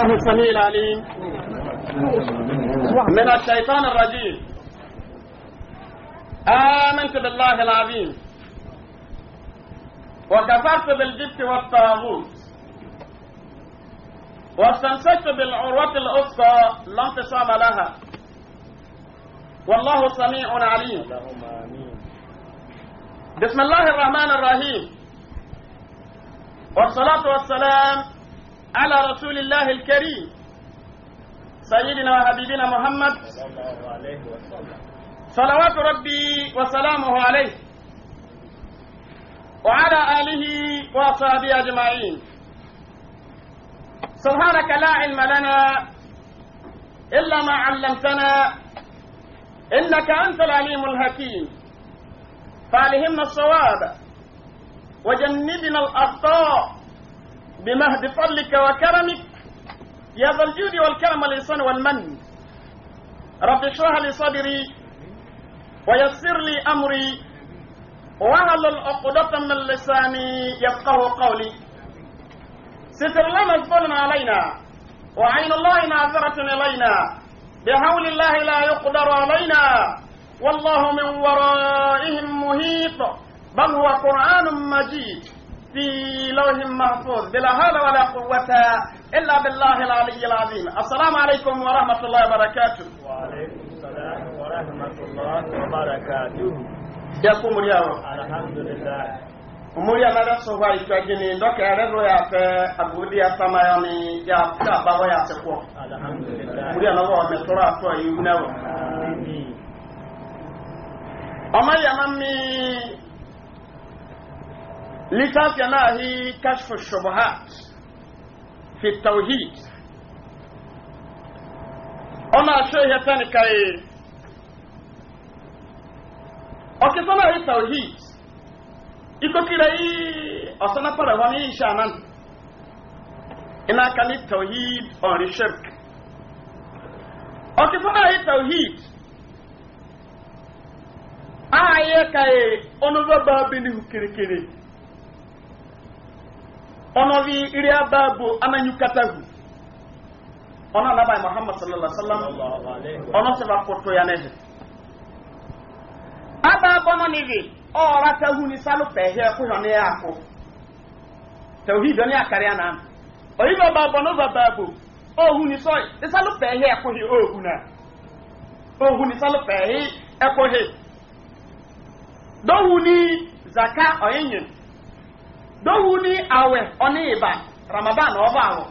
الله السميع العليم من الشيطان الرجيم آمنت بالله العظيم وكفرت بالجبت والطاغوت واستمسكت بالعروة الأسطى لا انتصاب لها والله سميع عليم بسم الله الرحمن الرحيم والصلاة والسلام على رسول الله الكريم سيدنا وحبيبنا محمد صلى الله عليه وسلم صلوات ربي وسلامه عليه وعلى آله وأصحابه أجمعين سبحانك لا علم لنا إلا ما علمتنا إنك أنت العليم الحكيم فعلهمنا الصواب وجنبنا الأخطاء بمهد فضلك وكرمك يا ذا الجود والكرم والإحسان والمن رب اشرح لي صدري ويسر لي أمري وهل العقدة من لساني يفقه قولي ستر لنا الظلم علينا وعين الله معذرة إلينا بحول الله لا يقدر علينا والله من ورائهم مهيط بل هو قرآن مجيد في لوح محفوظ بلا حول ولا قوة إلا بالله العلي العظيم السلام عليكم ورحمة الله وبركاته وعليكم السلام ورحمة الله وبركاته يقوم اليوم الحمد لله muriya na rasu wa ito gini doka ya rero ya fe agudi ya sama ya ni ya ta baba ya se ko muriya na wa me tora to yi na wa amma ya mami littafi yana yi kashfu shubuhat fi tauhid ona so ya tani kai oke sana yi tauhid iko kira yi osana para wani isha nan ina kani tauhid on shirk oke sana yi tauhid aye kai onuba babini hukirikiri ọnọdụ iri aba bụ ananyukatahu ọnọ anabai muhammad sallallahu alaihi wasallam ọnọ sọba kọtọ ya n'ehe aba bọnọ n'ihi ọra tahu ni kwụhọ na ya akụ tauhid onye akarịa na oyibo ọba ba bụ ohu ni sọ ohu na ohu ni salu pẹhẹ ni zaka dɔwu ni awɛ ɔne ba ramadan ɔba awɔ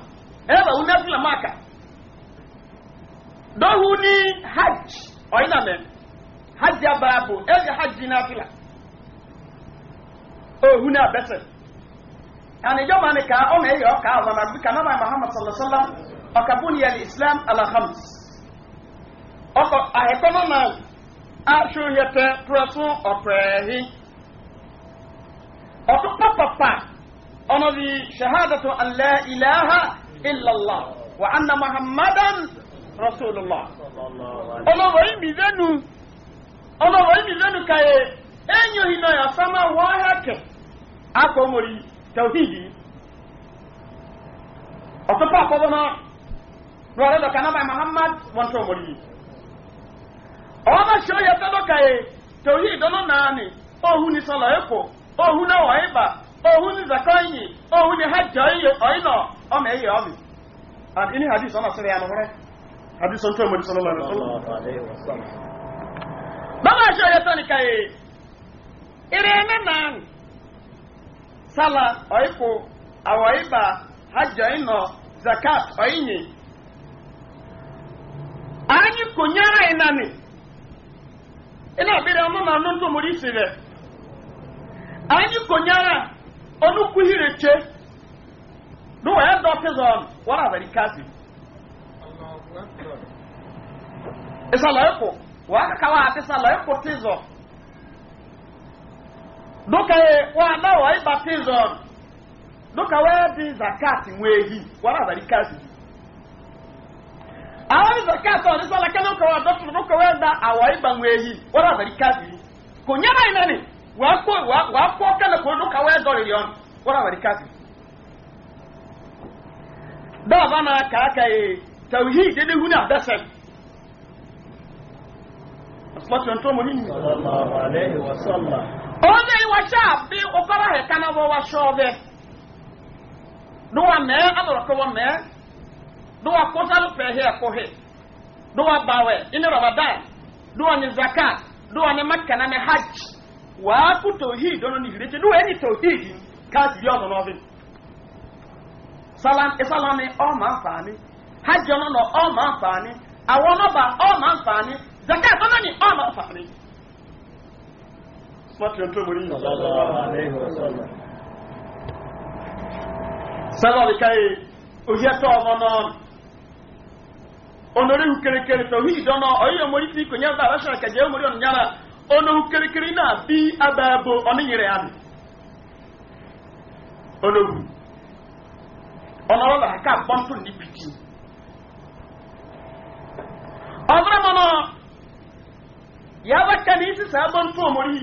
ebe wu na maka dɔwu ni hajj ɔyi na mɛ hajj abarabo ɛyɛ hajj na fila ohu na abɛsɛ ka ɔna ɔka awɔ na bi kana muhammad sallallahu alaihi wa sallam ɔkabuni yɛ islam alahams ɔkɔ ahekɔnɔ na ahyɛ yɛtɛ turaso ɔpɛɛhi. ọtún pápápá ọ̀nà bíi shahadatu alẹ́ ilaha illallah wa anna muhammadan rasulillah ọlọ́wọ́ yìí mi lẹ́nu ọlọ́wọ́ yìí mi lẹ́nu káyé ẹ̀yìn òhìn náà yà sọ́mọ́ wọ́n hẹ́kẹ̀ akọ̀mọ̀rì tẹ̀wíìdì ọtún pápápá náà lọ́rẹ́ dọ̀ka náà báyìí muhammad wọ́n tọ́ ọmọdé yìí ọ̀nà ṣe ó yẹ fẹ́ dọ̀ka yìí tẹ̀wíìdì ọ̀nà náà ni ó hu ní sọlọ ẹ̀kọ́. ohu na ịba ohu ni zakonyi ohu ni hajj oyo oyino o me yo mi and ini hadith ona sere anu re hadith on to mo sallallahu ya tani kai irene man sala oipo awaiba hajj oyino zakat oyinyi anyi isi rẹ anyị konyara onukwuhireche n'ụwa ya dọkịzọn wara abali kasi isala ịkwụ wa aka kawa ati sala ịkwụ tizọ duka ye wa ana wa ịba tizọn duka wa di zakati nwee hi wara abali kasi àwọn zakati ọ nisala kẹlẹ ọkọ wa dọkịzọn duka wa da awa ịba nwee hi wara abali kasi konyara ịnani. wàá kó ka fọ́ kẹ́lẹ̀ kó ló kàwé ẹ̀dọ́rì yọ̀n wọ́n àwọn ẹ̀díkà sí. báwa bá máa kà á kà ìdílé hu ní àbẹ́sẹ̀. pọ̀tù ẹ̀ntọ́ mo ní ní. ọ̀hún ní ṣáà bí ọ̀fọ́lá rẹ̀ kaná wọ́n wá ṣọ́ ọbẹ̀. ló mẹ́ mẹ́ ẹ̀kọ́ hẹ́ bàwẹ̀ rọ̀bàdà ní zakat ló wà ní makana ní hajj. wàá kú tòhíì dọ́nà ní ìrètí lóò ẹni tòhíì yìí káàkiri ọ̀nà náà fún ìsàlámi ọ̀mà àǹfààní hajj ọ̀nà náà ọ̀mà àǹfààní àwọn ọ̀nàbà ọ̀mà àǹfààní zaka ọ̀nà ní ọ̀mà àǹfààní. sálọ̀ ìkàyè òye tó ọmọ náà onore hu kerekere tòhíì dọ́nà ọ̀yẹ́ omori fi kò nyẹ́ ọ̀dà onowu kirikiri náà bí abẹ́ẹ̀bọ ọ̀nìyẹrẹ àmì onowu ọ̀nàwọ́ làwọn ká bọ́ńtò ní pìtì ọ̀bẹ̀rẹ̀ mọ́nà yàrá kẹ́ni ti sàá bọ́ńtò mọ́rí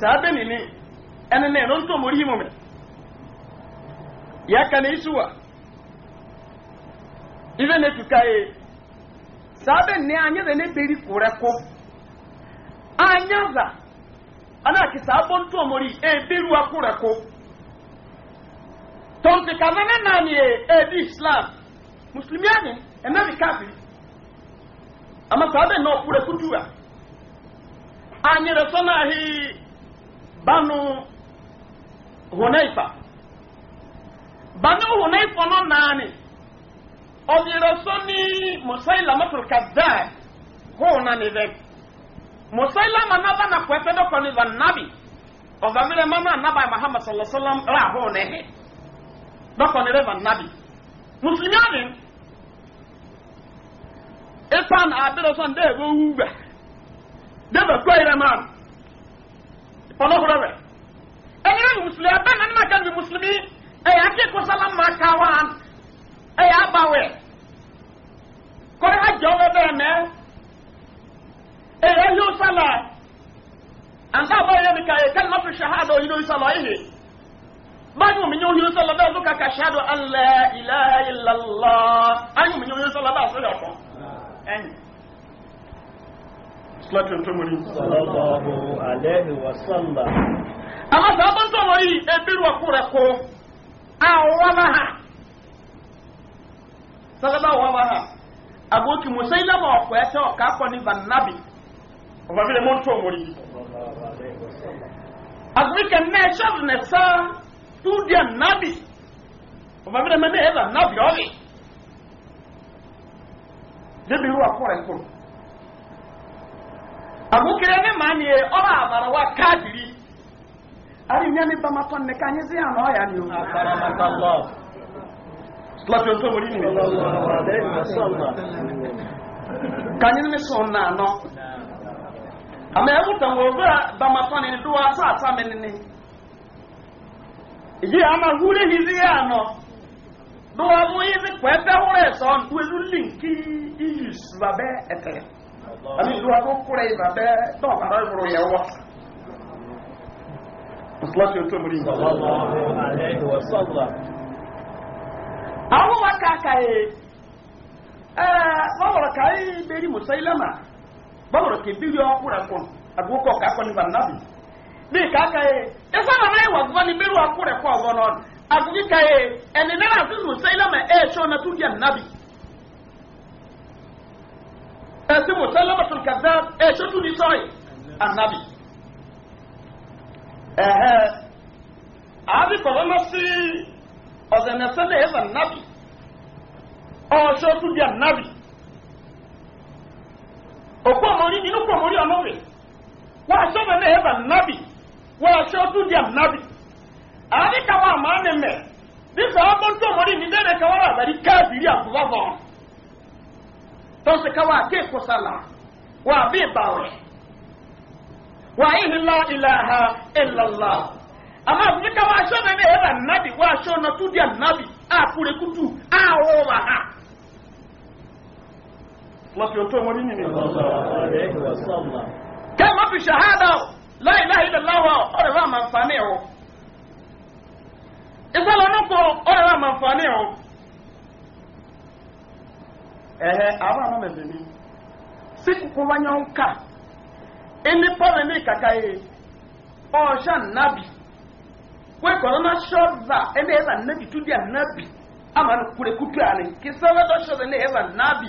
sàá bẹ́ẹ̀ nìní ẹni náà ló ń tó mọ́rí mọ́mẹ́ yàrá kẹ́ni ìṣúwà ìfẹ́ ní tùkà yìí sàá bẹ́ẹ̀ ní anyaza anakisa abontu omori ebiru akurako tonti kamene nani ebi e islam muslimi ani emebi kabi, ama sabe na okure kutuwa anyere sona hi banu hunaifa banu hunaifa no nani onyere soni musailamatul kazzab ho nani vek musailama naba na kwete dɔkɔ nabi ɔvamire mama naba muhammad sallallahu alaihi wa nehe dɔkɔ ni va nabi musulmani ipan abiro sɔn de ebo wuba de ba kɔ yɛrɛ ma ɔlɔwura wɛ ɛnyɛ ni musulmi abɛn musulmi ɛyɛ ake kosala ma kawan èyí yóò sálà àṣà àbáyé mi kà èyí kẹ́lẹ́ fi ṣahádọ̀ yìí lóyún sálà yìí báyìí mi yóò yóò sálà bẹ́ẹ̀ lóka kà ṣahádọ̀ alẹ́ ilẹ̀ ìlàlá ayé mi yóò sálà bá àṣírí ọ̀kan ẹ̀yìn. Slọ́tì tó mú ní. Sọlọ́bù alẹ́ ìwà sọ́lá. Àwọn sábà sọ̀rọ̀ yìí ebi rú ọkú rẹ̀ kó. Àwọn wá bá hà. Sọ́lá wá bá hà. Àgbo kì mú sẹ́yìn lọ́mọ ọ̀pọ̀ ẹ̀ṣẹ́ ọ̀ká kọ́ ní Vannabi ọba bí lè mọ́ tó wọ́n yìí. àgbẹ̀kẹ̀ náà ṣọ́ọ̀bù náà sá túdíà nábì ọba bí lè mọ́ náà ẹ̀dà nábì ọ̀rì. débi irú àkọ́rẹ̀ ń kọ́. àgbẹ̀kẹ̀ ní màá ni ọ̀rọ̀ àbàrà wa káàdìrí. àrí ìyá mi bàmà tọ́ nìkan yín sí àná ọ̀yà ni o. àbàrà màtà lọ. Láti ọjọ́ wọlé nìyẹn. Kanyini mi ama ɛwuta wɔ owura bamafa ne do asaasa me ne ne ama hure hizi yɛ ano do izi kweta kɔ ɛbɛ hore sɔn do ezu linki iyi suba bɛ ɛtɛ ami do abo kura yi ba bɛ dɔn ba dɔn woro yɛ wɔ musulasi o tomori yi. awo wa kaka bọ́ọ̀rọ̀ kébí yọ ọkùnrin kọ́ àgbókò kakọ́ ní banabi bíi kàkà yẹ ẹsẹ̀ náà náà yẹ wà gbọ́ ní bẹ́ẹ̀rù ọkùnrin kọ́ ọ̀gbọ́n náà àgbókò kàyẹ ẹni náà àti mùsẹ́lẹ̀mà ẹ̀ ṣọ́ náà tún di ànábì ẹsẹ̀ mùsẹ́lẹ̀mà tún kàdá ẹ̀ ṣọ́ tún ní sọ́ọ̀rì ànábì. ẹ̀hẹ́ àbí kọ̀ọ̀lọ́ lọ sí ọ̀sẹ̀ nẹ́sẹ̀lẹ̀ ẹ̀ ọkwa mori ni nukwa mori wa aso be na heba nabi wa aso tu dia nabi ani ka wa ma ne me bi so abo to mori ni dere ka wa ba ka biri a kwa ba to se ka wa ke wa bi ba wa wa ihi la ilaha illa allah ka wa aso be na heba nabi wa aso na tu dia nabi a kure kutu a o ha láti ọ̀tọ́ wọn rí nìyẹn. kẹ́ má fi ṣàhádà láìláì lọ́wọ́ ọ̀rẹ́ wa máa ń fani ọ̀ ìsọ̀lọ̀ nípò ọ̀rẹ́ wa máa ń fani ọ̀ ẹ̀hẹ́ àwọn àwọn mẹ̀lẹ̀ ni sí kúkú wáyé ń kà ẹni pọ́lẹ̀ ní kàkà yìí ọ̀ṣà nàbì wọ́n kọ̀ lọ́nà ṣọ́ọ̀zà ẹni ẹ̀zà nàbì tó ànàbì àná ṣọ́ọ̀zà ẹni ẹ̀zà nàbì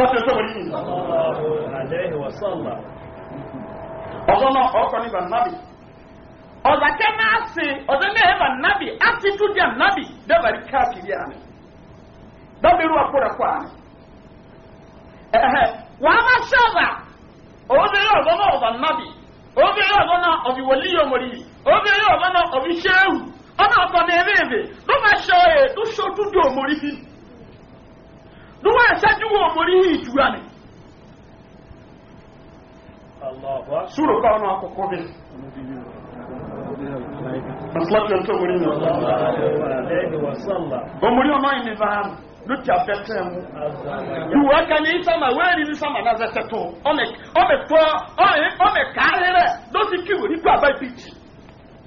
sọ́tẹ̀ sọ́wọ́ ní ìlú ọ̀sọ́nà ọ̀kọ́ ní bànábì ọ̀dàkẹ́ náà sí ọ̀dọ́ náà ẹ̀ bànábì átítúdì ànábì dẹ́bàrí káàkiri àná dọ́bìrú àkúrẹ́kọ́ àná ẹ̀hẹ́ wàá má ṣọ́ọ̀bà obìnrin ọ̀dọ́ náà ọ̀dọ́ nábì obìnrin ọ̀dọ́ náà ọ̀bì wòlí yọmọrí obìnrin ọ̀dọ́ náà ọ̀bì ṣéwù ọ̀nà ọ̀tọ̀ ní ẹ̀rẹ́ ẹ̀rẹ́ ló má ṣọ́ọ̀ ni wọ́n ṣẹ́jú wọn mọ̀ ní ìjúra ni ṣúrò bá wọn àkọ́kọ́ bí masalakiyar tó wuri náà ọmọdé ọmọ yìí ní báyìí lókè afẹ́fẹ́ mu ìwọ aka ní sàmà wẹ́ẹ̀rì ní sàmà náà zẹ́tẹ̀ tó ọmọ ẹ̀kọ́ ọmọ ẹ̀kárí rẹ̀ lọ́sí kíwò ní gbàgbà ìpìtì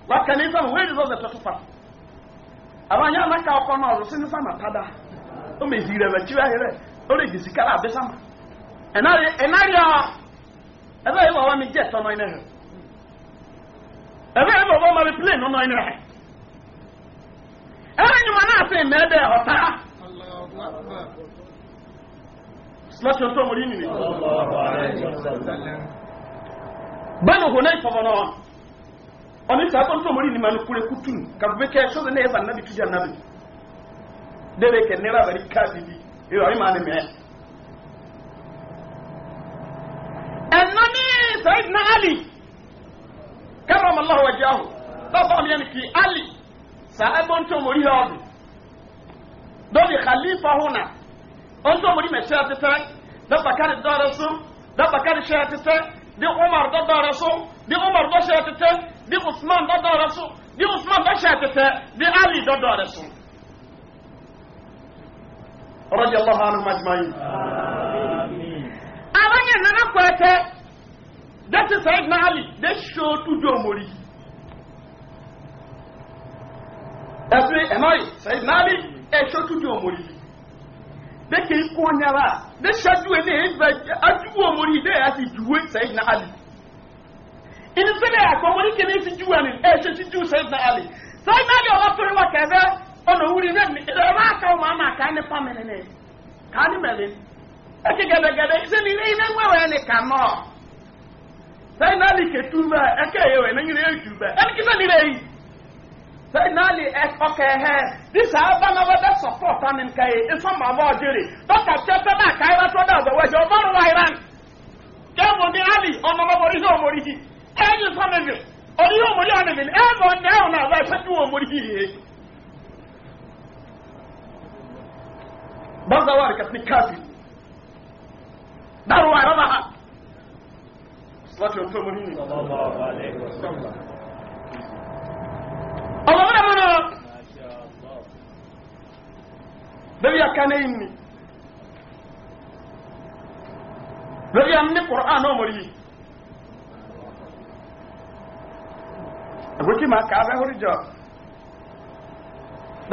wọ́n aka ní sàmà wẹ́ẹ̀rì ní sàmà zẹ́tẹ̀ tó pa àwọn yàrá ká ọkọ náà ọ̀rọ̀ sí ní sàmà tádà o mɛ zi rɛ bɛ tsi ayɛlɛ o de disi kala abisa ma ɛnari ɛnari a ɛbɛ yɛ bɔbɔ mi jɛ tɔnɔ yi nɛ ɛbɛ yɛ bɔbɔ ma bi plen nɔnɔ yi nɛ ɛbɛ nyuma naa se mɛ bɛ ɔta silasi osu omori nini bani ohun náà ìfọwọ́ náà ɔni sábà osu omori nini ma ni kure kutu kagbeke sɔsɛ ne yɛ ba nabi tuja nabi debe ke nera bari kasi bi iro ima ni me ẹnna ní sayid na ali karam allah wajah ahu lọ́fọ̀ mi yẹn kì í ali sa ẹgbọ́n tó mori yọ ọdún lórí khalifa hona ọ̀n tó mori mẹ̀ṣẹ́ àti sẹ́ dọ́pà kárí dọ́ọ̀rẹ́ sún dọ́pà kárí ṣẹ́ àti sẹ́ di umar dọ́ọ̀rẹ́ sún di umar dọ́ṣẹ́ àti sẹ́ di usman dọ́ọ̀rẹ́ sún di usman dọ́ṣẹ́ àti sẹ́ di ali dọ́ọ̀rẹ́ sún. رضي الله عنهم أجمعين أبني أنا قلت ده سيدنا علي ده شو تجو موري أسوي أمي سيدنا علي ده شو تجو موري ده كي يكون يلا ده شدوه ده أجو موري ده أسي جوه سيدنا علي إن سنة أكو موري كنسي جوه أنا أشو تجو سيدنا علي سيدنا علي الله فرما كذا ọ̀nà òwúrì náà mi ẹ̀rọ aka ọmọ àmà ká ní pàmìlì ní ká ní mẹ́rin ẹ̀kí gẹ́gẹ́gẹ́dẹ́ ṣé ní ilé iná wẹ̀wẹ̀ ni kà mọ́ sẹ́yìn náà lè kẹtù mẹ́ ẹ̀kẹ́ ẹ̀yẹ wẹ̀ lẹ́yìn rẹ̀ jù mẹ́ ẹni i. sẹ́ni nali yìí sẹ́yìn náà lè ọkẹ́ ẹ̀hẹ́ dísà abánáwọ́ bẹ́ support mi nǹkan yìí ìfọ̀mọ̀ ọmọ ọ̀jẹ̀rẹ̀ dọ́kà tẹ́tẹ́ náà ká ali ọmọ بازوارك اسمي كاسي داروا عربها صلاة يوم ثمانين صلى الله عليه وسلم الله ربنا ما شاء الله بليا كان إني بليا من القرآن أمري أقول ما كابه رجال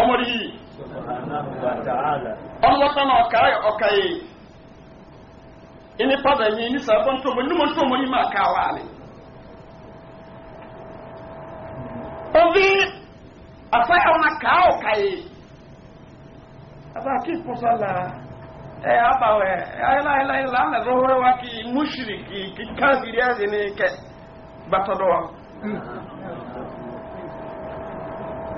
ọmọdé yìí ọmọ sanu ọkà ọkà yìí e. ẹni pàdé yìí ní sábà ntọ́ ọmọ ẹnumọ yìí máa ká wà ní. obi afẹ́yà ọmọ ká ọkà yìí abaki kọsọlá ẹ ẹ ayélujára káàkiri ní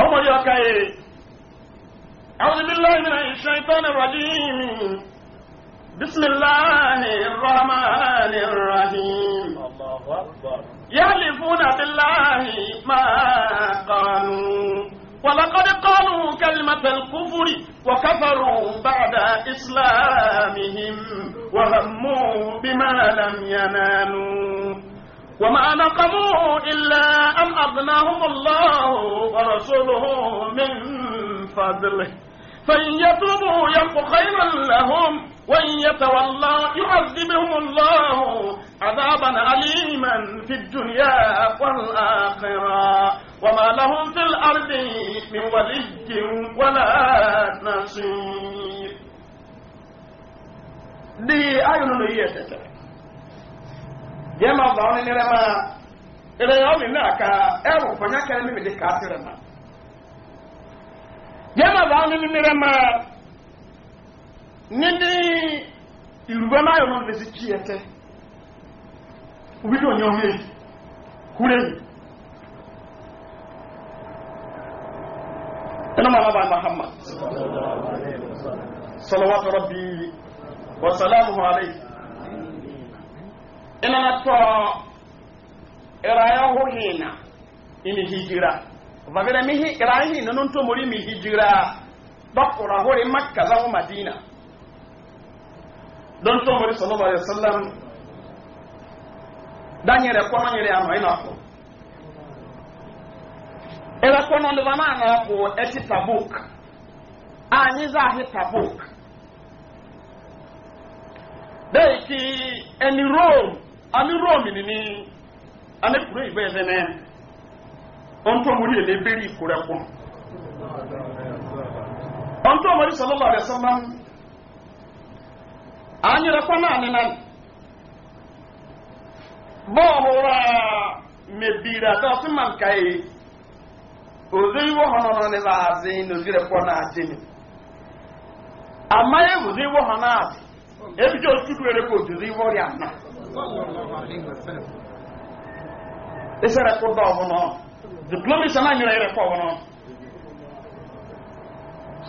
ọmọ yóò أعوذ بالله من الشيطان الرجيم بسم الله الرحمن الرحيم الله أكبر يحلفون بالله ما قالوا ولقد قالوا كلمة الكفر وكفروا بعد إسلامهم وهموا بما لم ينالوا وما نقموا إلا أن أغناهم الله ورسوله من فضله فإن يتوبوا يلقوا خيرا لهم وإن يتولوا يعذبهم الله عذابا أليما في الدنيا والآخرة وما لهم في الأرض من ولي ولا نصير دي أيضا يتتبع yẹn máa bá ọ́nà nírẹ́ máa ẹ̀rẹ́ ọ̀mì náà ká ẹ̀rù kọ̀nyákẹ́rẹ́ mímì dé káàtì rẹ̀ máa yẹn máa bá ọ́nà nírẹ́ máa ní ní ìrùbẹ́ máa yọ̀ lè sí kí ẹ yẹn yìí ẹnu inana to iraya hohina ini hijira vavira mihi iraya hina non to muri mi hijira bakura hore makka zawo madina don to muri sallallahu alaihi wasallam danyere kwa manyere ano ina ko ila kwa ndo vana na ko eti tabuk a za hi tabuk deki eni rome ani rome nini, ani kuro yi bɛyɛ sɛnɛ ɔntɔmori yɛ n'ebere ikura ko ɔntɔmori sɔlɔlɔ yɛ sɔlɔ anyɛrɛ kɔ naani naani bɔɔlura mebira dɔsi man ka e. ye ozoyi wɔ zi e n'a dimi ama wɔ a ebi jɔ osudu yɛrɛ k'o ɛsɛ rɛ kó dɔ ɔmo nɔ diplomi sɛ náà nyina yɛrɛ kɔ ɔmo nɔ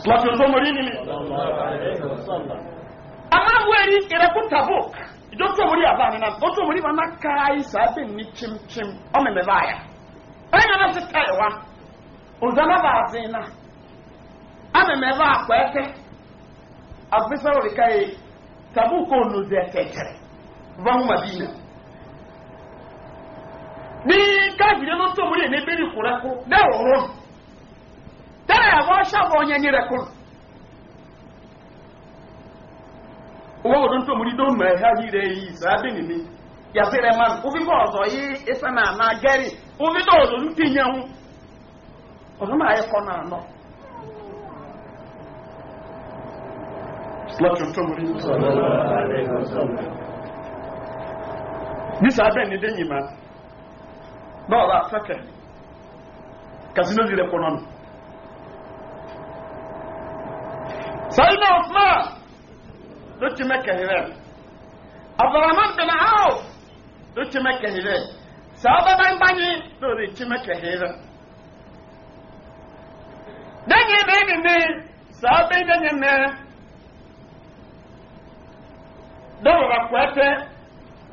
sɔtun tó mori nimi ama wɛri yɛrɛ kó tabok ìjọ mori àbá mi náà ó tó mori wọn náà chim ayi sáà bẹ ní kyimkyim ɔmɛmɛ báyà ɛyìn náà ti tẹ̀ wá ozana bá a zin náà amɛmɛ bá a kɔ ɛkɛ abisawori ka yi tabok ò nu zɛ tɛtɛrɛ. van madina ní káfíńdé ló tó múlẹ̀ ní bẹ́ẹ̀ni kúrẹ́ kú lẹ́wọ̀ rọ́ọ̀nù tẹ́lẹ̀ àwọn aṣáàbọ̀ ọ̀yẹ́ ní rẹ̀ kúrò owó ọdún tó múlẹ̀ dóun mẹ́rin hẹ́hí rẹ̀ yìí sàábẹ̀ nìmi yàtí rẹ̀ máa ó fi bọ́ na yí ẹsẹ̀ náà máa gẹ́rì ó nye tó ọ̀dọ̀ lùtì yẹn hù ọdún bisa abẹ ni den yima báwo bá fẹkẹ kasino yìí rẹ kọ nánu sayidina osman ló ti mẹ kẹhìrẹ abdulrahman bin awo ló ti mẹ kẹhìrẹ sábà bá ń báyìí lórí ti mẹ kẹhìrẹ dẹ́yìn bẹ́ẹ̀ ni sábà dẹ́yìn mẹ́ dọ́wọ́ bá kọ́ ẹ tẹ́.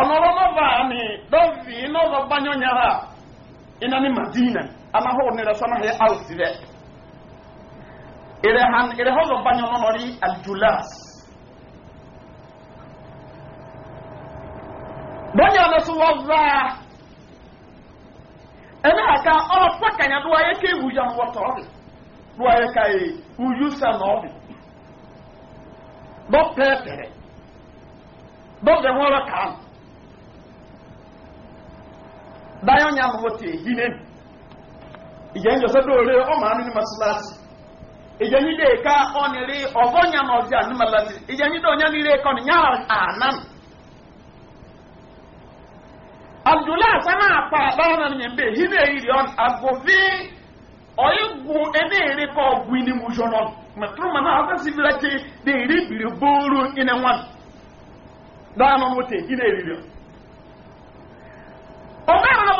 ọ̀nọ̀rọ̀ lọ́bàá ni lọ́bì iná lọ́bà yọ́nyára iná ní madina aláhọ́ ní rẹ̀sọ́nà hẹ́ áùsì rẹ̀ ìrẹ̀họ́ lọ́bà yọ́nà rí aljulas bọ́nyà lọ́sọ wọ́zá ẹni àká ọ̀rọ̀ pàkànyà ló wáyé ké ìwúyà wọ́tọ̀ rẹ̀ ló wáyé ká yé wúyúsà nọ́ọ̀bì lọ́pẹ́ẹ̀pẹ̀rẹ̀ dayo nya mo te hinen ije njo so dole o ma ni maslati ije nyi de ka oniri obo nya no ja ni malati ije nyi do nya ni re ko ni nya anan abdullah sana pa ba na ni mbe hine iri on agovi oyigun ebe ere ka ogun ni mu jono metro mana aka sibira che de ire biri boro ina wan da no mo te hine iri on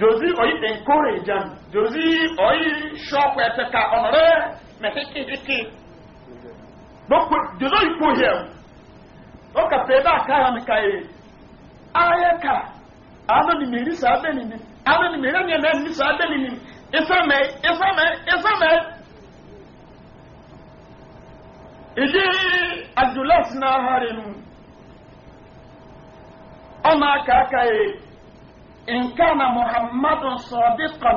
jozi oyi encouragean jozi oyi shock ete ka onore me hiki hiki donc jozi oyi ko here N'o ka ka ha ka e aye ka ano ni meri sa be ni ano ni meri ni na ni sa be ni ni me isa me iji e e e na harinu aka aka e إن كان محمد صادقا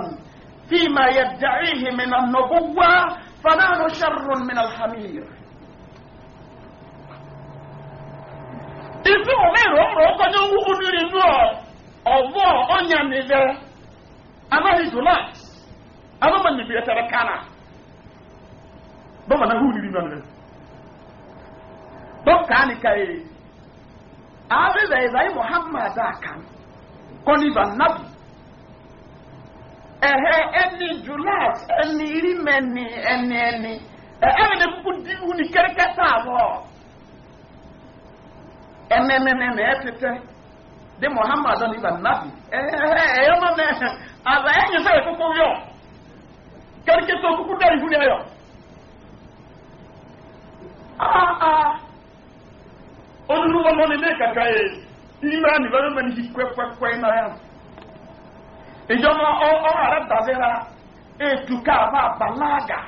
فيما يدعيه من النبوة فنحن شر من الحمير ìsú òwe ìrọ̀rọ̀ ọkọ̀jọ́ owó nílé inú ọ̀wọ́ ọ̀nyà nílẹ̀ anáhì jùlát anọ́mọ nìbí ẹ̀tẹ̀rẹ̀ kánà bọ́mọ̀ náà hù nílé inú kánìkà yìí muhammad kọ́nìbà nàbì ẹ̀hẹ́ ẹni julas ẹni irimẹni ẹni ẹni ẹni ní kúkú diwu ní kẹ́rẹ́kẹ́tà wọ̀ ẹnẹnẹnẹnẹ ẹ tẹtẹ de muhammadu ní ibà nàbì ẹ̀hẹ́ ẹ̀yọ́ mọ́ mẹ́ àbá ẹ̀yìn sẹ́yìn kúkú yọ kẹ́rẹ́kẹ́tà kúkú dẹ́rì fún yẹ yọ. olùdókòwò ní ilé kàkà yìí. imra development is kwekwekwe na ya ìjọba ọ̀rẹ́ dàbíra ètùkà àbá balaga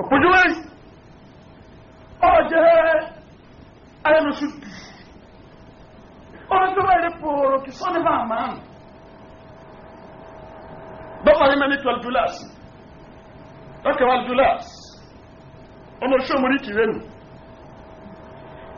òpójúwé ọjẹ́ ayélujú dù ọjọ́ eré pòrò kì twelve dollars dollars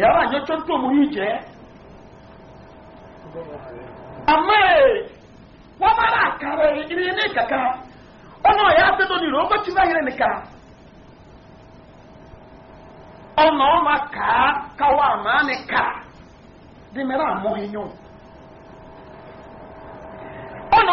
yàrá àjọjọ́ tó mú yìí jẹ́ àmọ́ ẹ̀ wọ́n bá rà ya ìrìn ní kàkà ọ̀nà ọ̀yà abẹ́dọ̀ nìrò ó bẹ́tí báyìí rẹ̀ nìkà ọ̀nà ọ̀nà kà á káwọ́ àmọ́ nìkà dì mẹ́rà àmọ́ ẹ̀yọ́ ọ̀nà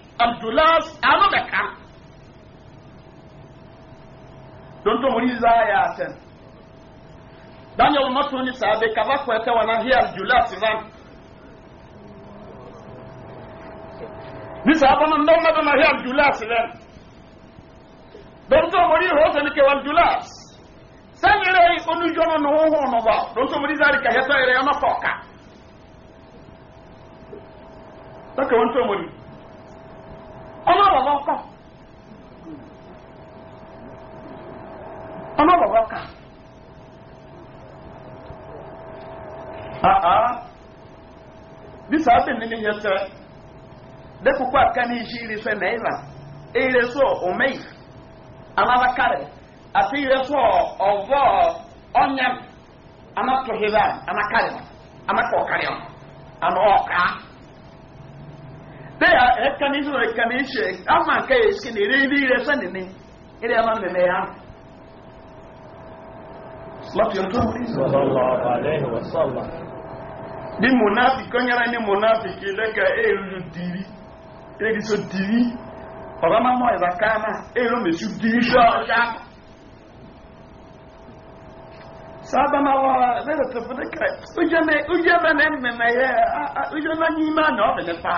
abdulas ano bɛka donto mori zaa yɛ asɛn daniel mato ni saa bɛ kaba kɔ ɛkɛ wa na hɛ abdulas zan ni saa bana ndɔn na bɛ na hɛ abdulas zan donto mori hɔ sɛ ni kɛ wa abdulas sɛn yɛrɛ yi onu jɔn na hoho no ba donto mori zaa de ka hɛ tɔ yɛrɛ yɛ ma kɔ ka tɔ wɔn tɔ mori. ọmọ bọ̀bọ̀ kọ̀ ọmọ bọ̀bọ̀ kà àá ah, ah. bí sábẹ̀ ní mi yẹ sẹ́ dẹ́kùkọ́ àkànní ìṣírí sẹ́ náírà èyí sọ ọmọye alábàkàrẹ̀ àti èyí sọ ọ̀vọ́ bẹ́ẹ̀ ẹ̀kan nínú e ní ṣe ama nǹkan yẹn ṣe ní rí rẹ ire ní ilé ẹ̀ma mẹ́mẹ́ ya. ní munafi kọ́nyẹ́rẹ́ ní munafi kì í lẹ́ka èrú dìrí èrú so dìrí ọ̀rọ̀ máa mọ ìlà káàmà èrú mẹ́sù dìrí ṣọ́ọ̀ṣà. sábà máa wọ ẹgbẹ́ tó fún ẹ̀ka ojú ẹ̀mẹ́ mẹ́mẹ́ yẹ ojú ẹ̀mẹ́ ní ìmọ̀ àná ọ̀bẹ̀ nípa.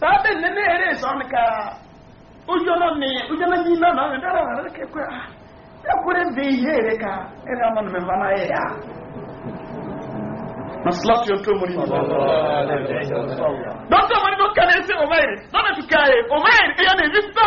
sábẹ́ ní ní eré ìsọ́ni ká ojú mi ojú ọ̀nà yìí náà náà dára rà rẹ̀ kẹ́kọ̀ọ́ à ẹkùnrin bí ihe èrè ká ẹ̀rẹ́ àmọ́ nà mẹ́fà náà yẹ masilasi o tó mo ní ìlú. dókítà mo ní kó kẹ́lẹ́ sí ọmọ yìí lọ́nà tó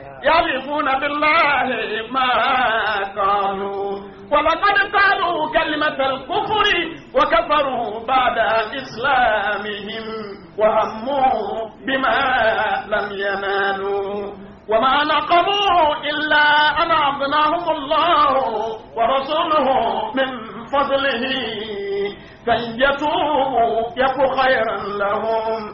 يعرفون بالله ما قالوا ولقد قالوا كلمة الكفر وكفروا بعد إسلامهم وهموا بما لم ينالوا وما نقموا إلا أن أعطناهم الله ورسوله من فضله فإن يتوبوا يكو خيرا لهم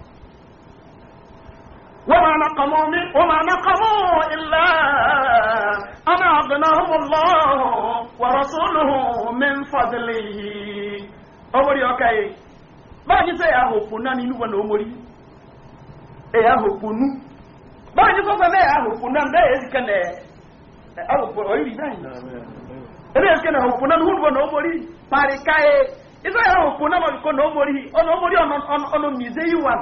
وما نقموا من وما نقموا إلا أن أغناهم الله ورسوله من فضله أمري أوكي e. báyìí sẹ́ ẹ̀yà hòpónú náà nínú wọn omori ẹ̀yà hòpónú báyìí sọ́sọ́ sẹ́ ẹ̀yà hòpónú náà lẹ́yìn èsì kẹ́nẹ̀ ẹ̀yà hòpónú ọ̀yìnrì náà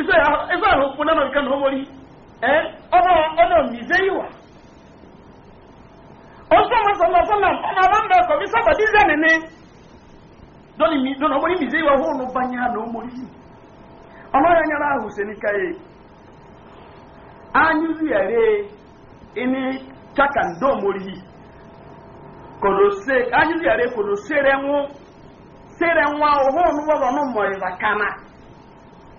isa ahụ kwụ na nke na eh, ọ na mize iwa ọsọ masọ na ọsọ na ọ na-aba mba ọkọ bisa bọdị ize nene dọna mize iwa hụ ụlọ banye ha na omori ọnụ ya nyere ahụ se n'ika ya anyị zuyere ịnị chaka ndị kodose anyị sere nwa ọhụụ n'ụbọbọ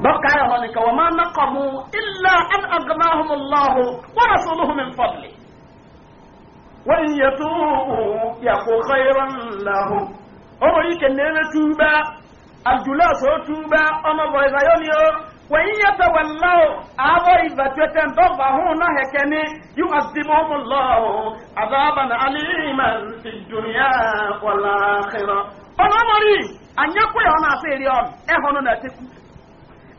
بقى يا هونيك وما نقموا إلا أن أغناهم الله ورسوله من فضله وإن يتوبوا يكو خيرا لهم أمو يكنين توبا الجلاس توبا أمو بيضا يونيو وإن يتولوا أبوي بتوتن ضبهون هكني يؤذبهم الله عذابا عليما في الدنيا والآخرة أنا مريم أن يكون هنا سيريون إيه هنا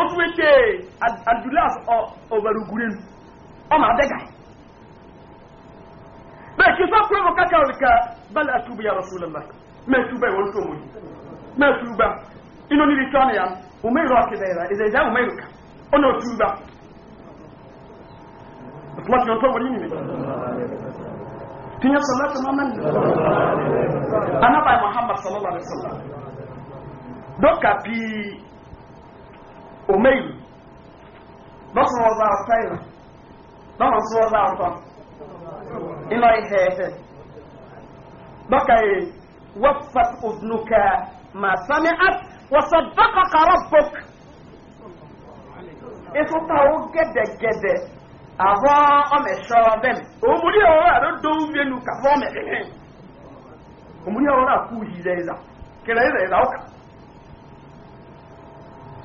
otu eke adulas ọbara ugwurenu ọ ma adịga bẹẹ kí sọ pé bala atubu ya rasulala mẹtuba ìwọ wọn yà ọmọ ìrọ akẹdẹ yẹra ẹsẹ ìjà ọ náà tuba ọtúmọtì ọtọ wọlé yìí nìyẹn tinyẹ sọlá tó máa mẹnu anábàá muhammad sallallahu alaihi wa sallam pii. omeyi dɔsn ọzọ zaa taina dɔn so wa zaa tɔn ina yi hɛɛhɛ dɔka yi e, ma sami'at wa saddaqaka ọkara ifo ta o gɛdɛgɛdɛ avɔ ɔmɛ sɔrɔ bɛn omuli ɔwɔ a do mienu ka k'u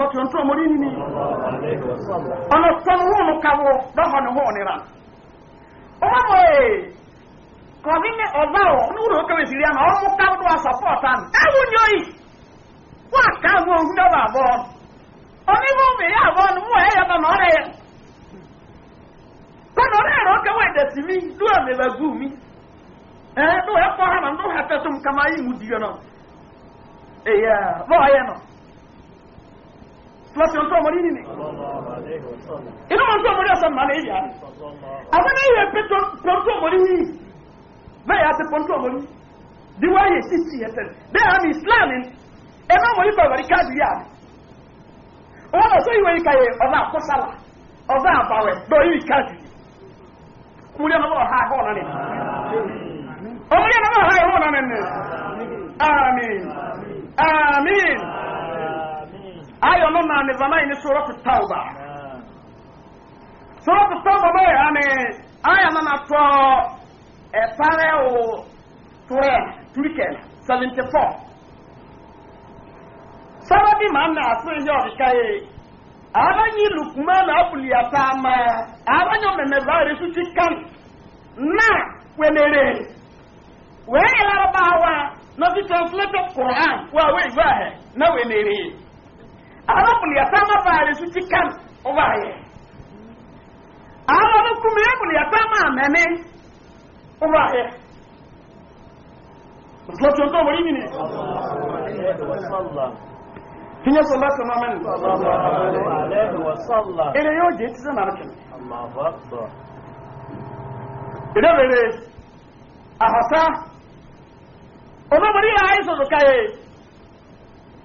lọ́tí ọ̀n tó ọmọ rí nínú ọ̀nà sọ́wọ́n kawọ́ lọ́họ̀ ní hàn nira ọmọ mọ̀ ẹ́ kọ̀bí ní ọ̀bá ọ̀ níwúrò kẹwẹ́ sí ọmọ káwọn tó wà ní ní mi yà ní ọ̀rẹ́ mi lúwẹ̀ mi gùn mi ẹ̀ẹ́dùn ẹ̀kọ́ hàn ní lọ́sẹ̀ ohun tó ọmọ nínú ni inú wọn ọmọ ní ọ̀sán màá lè yà àwọn ní ìwé pé ọmọ ní yìí bẹ́ẹ̀ yà á sí sí àmì islam ni ẹ máa wọlé bàbá rí káàdì yà á wọn lọ sọ ìwé yìí kàyé ọ̀dà àkọsàlà ọ̀dà àbàwẹ̀ bẹ́ẹ̀ yìí káàdì kúlẹ̀ ọmọ amin amin. ayo no eh, eh, eh, na ne zama ni suratu tauba suratu tauba ba ya aya na na to e pare o ture turike 74 sababi ma na aso ihe obika ye abanyi lukman abuli atama abanyo meme ba re su chikan na wenere we lara ba wa no be translated quran wa we ba he na wenere arabu ya yasa ma baare so ti kan ɔbaayɛ arabu kum ebu ne yasa ma amɛmɛ ɔbaayɛ nfɔ tuntun wɔyi nyini hinya sɔlɔ sɔlɔ mɛni ere yóò jɛ ti sɛ nara Allah ere bere ahasa ɔbɛbɔri yɛ ayi sɔsɔ ka ye.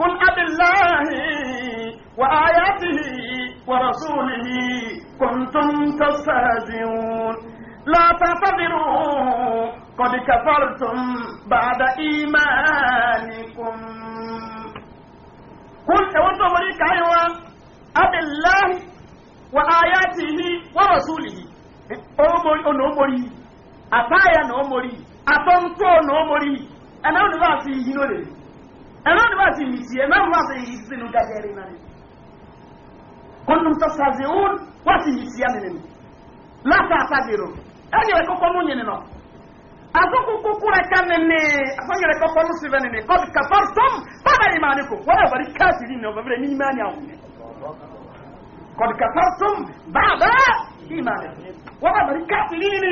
قل عبد الله وآياته ورسوله كنتم تستهزئون لا تعتذروا قد كفرتم بعد إيمانكم قل أوتوا مريك أيوة عبد الله وآياته ورسوله أمري أمري أتايا أمري أتنطو أمري أنا أنظر في هنا ẹ̀rọ ni wọ́n ti yìí sí ẹ̀rọ ni wọ́n ti yìí sínú gàgẹ́rì náà kọ́nùm tó sàzẹ̀ òun wọ́n ti yìí sí ẹ̀nìyàn láti àtàgèrò ẹ̀yẹ rẹ̀ kọ́kọ́ mú yìnyín náà àkókò kúkú rẹ̀ ká nínú àfọyín rẹ̀ kọ́kọ́ mú síbẹ̀ nínú kọ́bi kàfàr tọ́m bàbá yìí máa ní kò wọ́n bàbá yìí káàkiri ní ọ̀bẹ̀bẹ̀rẹ̀ ní ìmá ni àwọn kọ́bi kàfàr tọ́m bàbá yìí máa ní wọ́n bàbá yìí káàkiri ní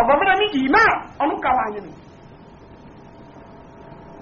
ọ̀bẹ̀bẹ̀rẹ̀ ní ìmá ọ̀nùkàwá yìí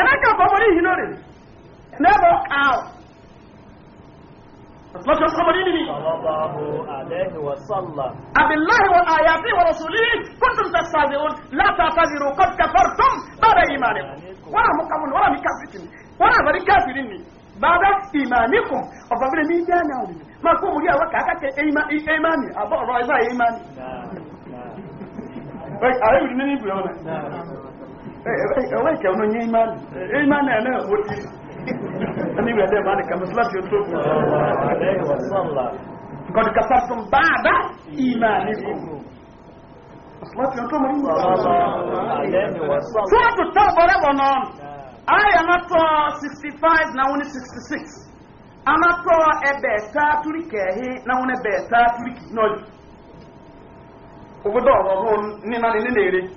ẹnaka fọmọdé yìí lórí ẹnẹbọ káw lọ́sọ̀ fọmọdé nìyí. sọlọ́láhu aleyhi wa sallá. abilahi wa ayati wa rasulihi kuntum tasadiun lata taziru qad kafartum bada imanikum wala mukamun wala mikafitin wala bari kafirin ni bada imanikum ọ̀fọ̀bìnrin mi jẹ́ ẹ̀yà òdìdì máa kó omori àwọn kàákà kẹ ẹ̀yìmánì àbọ̀ ọ̀rọ̀ ẹ̀fà ẹ̀yìmánì. ààrẹ ìrìn nínú ìbùyọ̀ náà. ẹwẹ́ no ọ̀nà yẹn imani imani ẹ̀ náà wọ́n ti ẹni ìwé ẹ̀dẹ́ ìmáni kàmí síláṣí ó tó kù kọ́dí kàfà tó ń bá àdá no kù síláṣí ó tó mọ̀ ní ìwé tó a tó tẹ́ ọ̀bọ̀rẹ́ wọ̀ náà ayé anatọ́ na wọ́n no sixty six anatọ́ ẹbẹ̀ ẹ̀ta turiki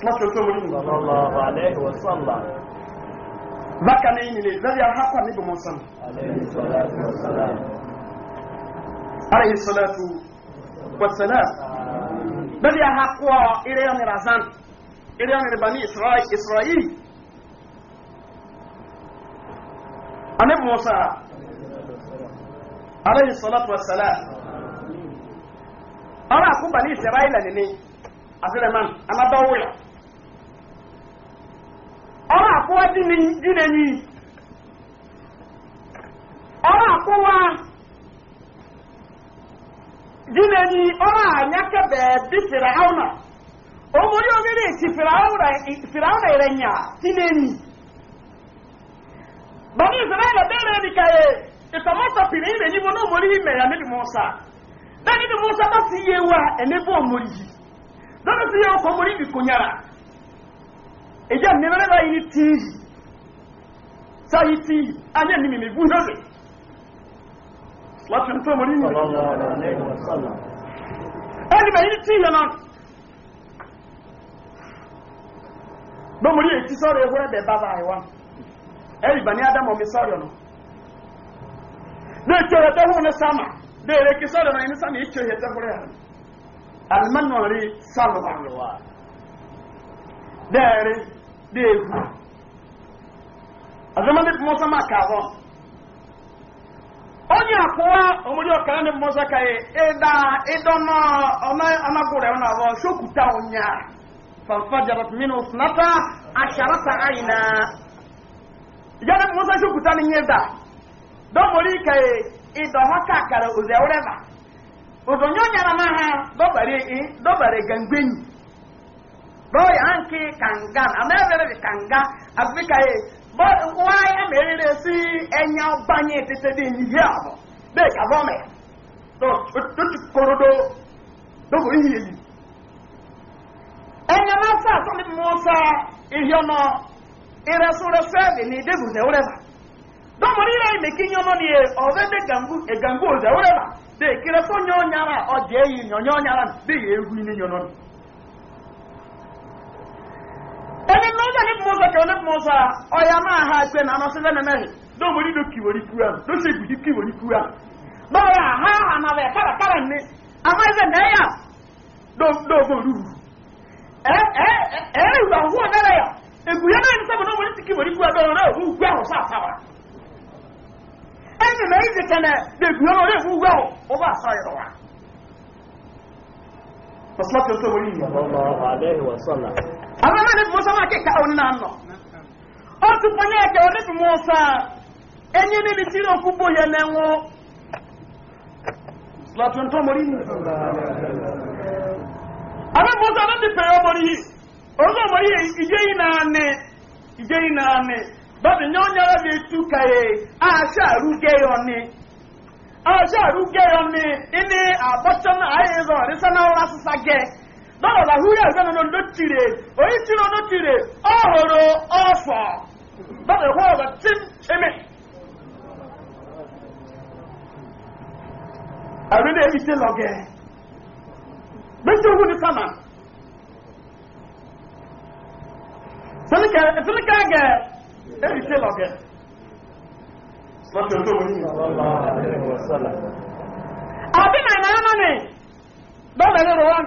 Sọ́sọ́ tó mú Razan, Israel. ọrụ akwụwa dị n'enyi ọrụ akwụwa dị n'enyi ọrụ anyakebe dị firauna omori ogere si firauna ere nya dị nri. bani israel bere dị ka ye ìtọ̀mọ́tọ̀ pìrì ilẹ̀ yìí wọn náà ime ya ihe ya eja nemere ba yini tiiri sa yi tiiri anya nimi mi bu hebe watu mori ni ani ba yini na no mori eti sori ewe be baba eri bani adam o mi sori no de chere te hu ne sama de re na ni sama e chere te hu re almanu deehu azama ne mmosa ma ka hɔ onye akwụwa omori ọkara ndị mmosa ka ye ịda ịdọ nọ ọnagwụrụ ya na n'abọ shokuta ụnya fanfa jarat minus nata asharata aina ìjọ ndị mmosa shokuta ne nye da dọmori ka ye ịdọ ha ka akara ozi ewureba ụdọ nyọ nyara na ha dọbara gangbenyi boy anki kanga amebere bi kanga afrika ye eh. e. why am be ka bo me to to korodo do bo yi yi enya na fa so ni mo sa ihyo no ire so re se bi ni de bu de ore ba do mo ri re me ki nyo mo ni e o de gangu nyo o de yi nyo nyo onye mmụọ ka onye mmụọ sara ọya ma ha ekwe na anọsị lẹ nẹmẹ lóòmòrí ló kìwòrí kúrò àmì ló ṣe ìgbìdí kìwòrí kúrò àmì báwo ya ha àmàlẹ kárakára ní àmọ ẹsẹ nẹyà lóògùn òru eh eh eh eh òwú ọ̀nẹ́rẹ̀ yà ègùyẹ náà ní sábà lóòmòrí ti kìwòrí kúrò àmì ọ̀nà òwú gbé àwọn sáà sáwà ẹni mẹ́rin ti kẹ́nẹ̀ lẹ́gùyẹ náà òwú gbé àwọn ọba àṣà yẹn wà. Fasalatu Sọ́wọ́rì yìí. Sallallahu alaihi wa àwọn náà níbi musa máa kéka òun náà otu ó ti pọ́n ọ níbi musa ẹni níbi tí ó kú bóyá lẹ́wọ́ lọ́tún tó ni àwọn musa ló ti pèrè ọmọrí yìí òun náà mọ̀rí ìjé yìí náà ní ìjé na náà ní lọ́rọ̀ làhúrẹ́ ìgbẹ́nà ló tìrè orí tí ló tìrè ọ̀họ̀rọ̀ ọ̀fọ̀ lọ́rọ̀ ìwọ́ tí ń àrílẹ̀ ìṣẹ́ lọ́gẹ̀ méjì àbí ni wọn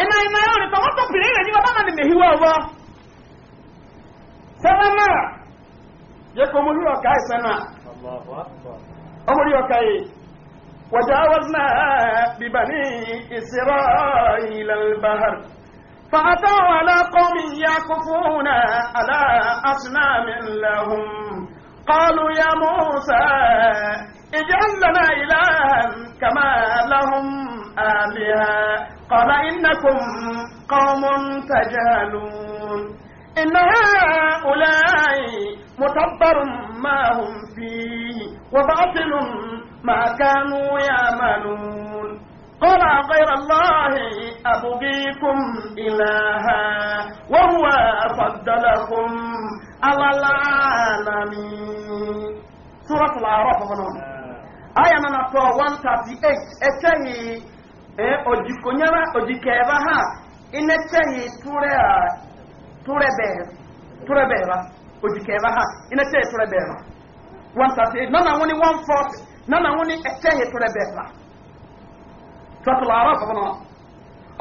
ina ina yau ne tawon ta fire ne ba na ne hiwa ba sana na ya ko muri wa kai sana Allahu akbar amuri wa kai وجاوزنا ببني إسرائيل البحر فأتوا على قوم يعكفون على أصنام لهم قالوا يا موسى اجعل لنا إلها كما لهم آلهة قال إنكم قوم تجهلون إن هؤلاء متبر ما هم فيه وباطل ما كانوا يعملون قال غير الله أبغيكم إلها وهو فضلكم على العالمين سورة الأعراف آية 138 أكيه ojikonyaba ojikeba ha ture turebeba ojikeba ha ineteye turebeba one thirty eight nana woni one forty nana woni eteye turebeba suratul araf bana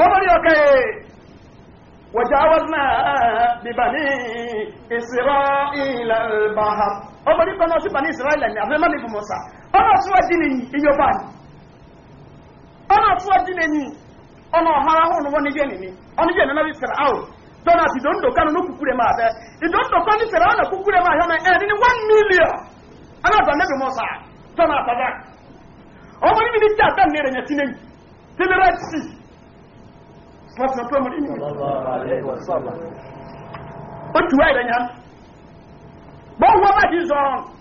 omori okaye وجاوزنا ببني إسرائيل البحر أمري بنو بني إسرائيل أنا ما ọ̀nà àtúwà dínà ní ọ̀nà ọ̀hara hùn wọn níjẹ́ nìní ọ̀nìjẹ́ nìní bí sẹ̀rẹ̀ áwò tọ́nà àti ìdóńdò kánú ní kúkúrẹ́ máa fẹ́ ìdóńdò kan ní sẹ̀rẹ̀ ọ̀nà one million alábàá nẹ́bí mọ́sà tọ́nà àtàdá ọmọ níbi ní tí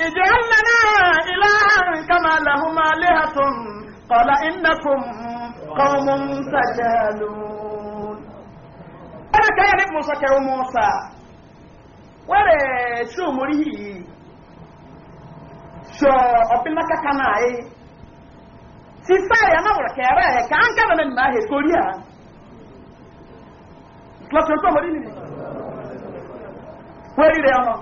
اجعل لنا إلها كما لهم آلهة قال إنكم قوم تجهلون أنا كان موسى كيو موسى wẹ́rẹ̀ tí o mórí yìí sọ ọ̀pínlá kaka náà yìí ti sáyà náà wọ̀rọ̀ kẹrẹ ẹ̀ ká ń kẹrẹ nínú ààyè kórí à lọ́sọ̀tọ̀ mórí nìyí wẹ́rẹ̀ rẹ̀ ọ̀nà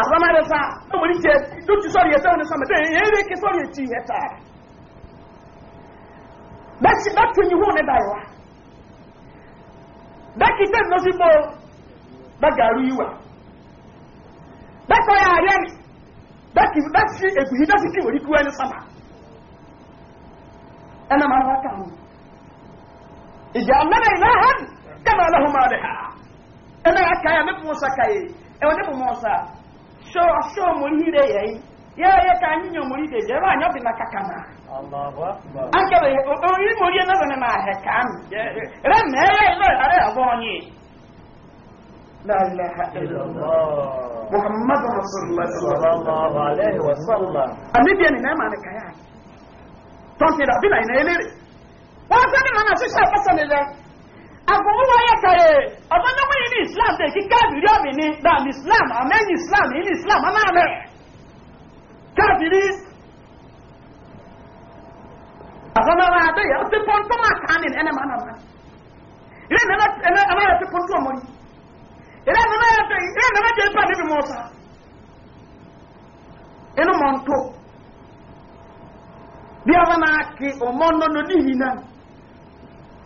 asama yɛ sa na wɔn ti do ti sɔrɔ yɛ sɛ wɔn sama dɛn yɛ yɛ ke sɔrɔ yɛ ti yɛ ta bɛsi bɛtu nyi wɔn ne da yɛ wa bɛki tɛ nɔsi bo bɛ gaaru yi wa bɛtɔ yɛ ayɛ ni bɛki bɛsi eguhi bɛsi ki wɔn ikuwa ne sama ɛna maa wa ka ho ìjà amẹ́nà ìlà hàn kẹ́mà lọ́hùn máa lè ha ɛna yà ká yà mẹ́pọ̀ sá ká yẹ ɛwọ́n ne mọ̀ mọ̀ sá so so muri re yayi ye ye ka nyi nyo muri de je ba nyo bi na kaka na Allahu akbar anke be o ri muri na bana na he kam re me lo are abo nyi la ilaha illallah muhammad rasulullah sallallahu alaihi wasallam anibi ni na ma ne kaya ton ti da bi na ina elere wa sa ni mana so sha pasa ni le agbowó ayé kẹrẹ ọgbọdọgbọ yìí ní islam tẹ kí káàbìrì ọbì ni dàm islam amẹyìn islam islam na káàbìrì àfọmọwá abẹyẹ na pọntọ máa kàn ní ẹnẹ máa nàmà ilé nàmà ẹnẹ ẹnẹ yẹ ti pọntọ ya yìí ilé nàmà Ya ti ilé nàmà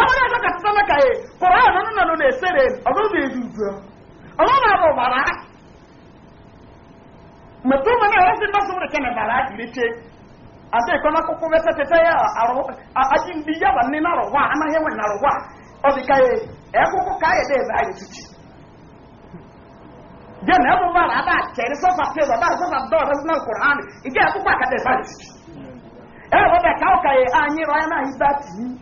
ọmọdé ẹ̀sọ́ kàtí sọ́mọ́ kàyé kọ̀rọ̀ ẹ̀ nínú nínú ní ẹ̀sẹ̀rẹ̀ ọdún èdè ìgbà ọmọ náà bọ̀ bàrà mẹtọ́ mọ́ náà wọ́n sì náà sọ́mọ́ kẹ́nẹ̀ bàrà ìrètè àti ìkọ́nà kókó bẹ́sẹ̀ tẹ́tẹ́ yà àrò ya yà wà ní nàrọ̀ wà anáyẹ̀wẹ̀ ya na e e, e, anyi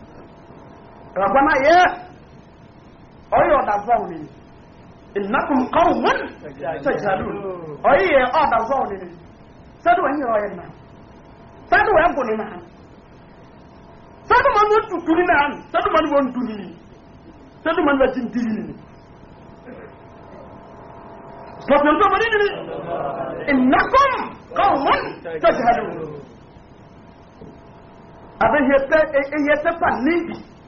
rabbana ya oyo oh, da zauni innakum qaumun tajhalun oyo o da zauni sadu wani roye na sadu wani gune na sadu man won tuturi na an sadu man won duni sadu man wajin dini Sofyan to bari ni innakum qaumun tajhalun abin yete yete pan nibi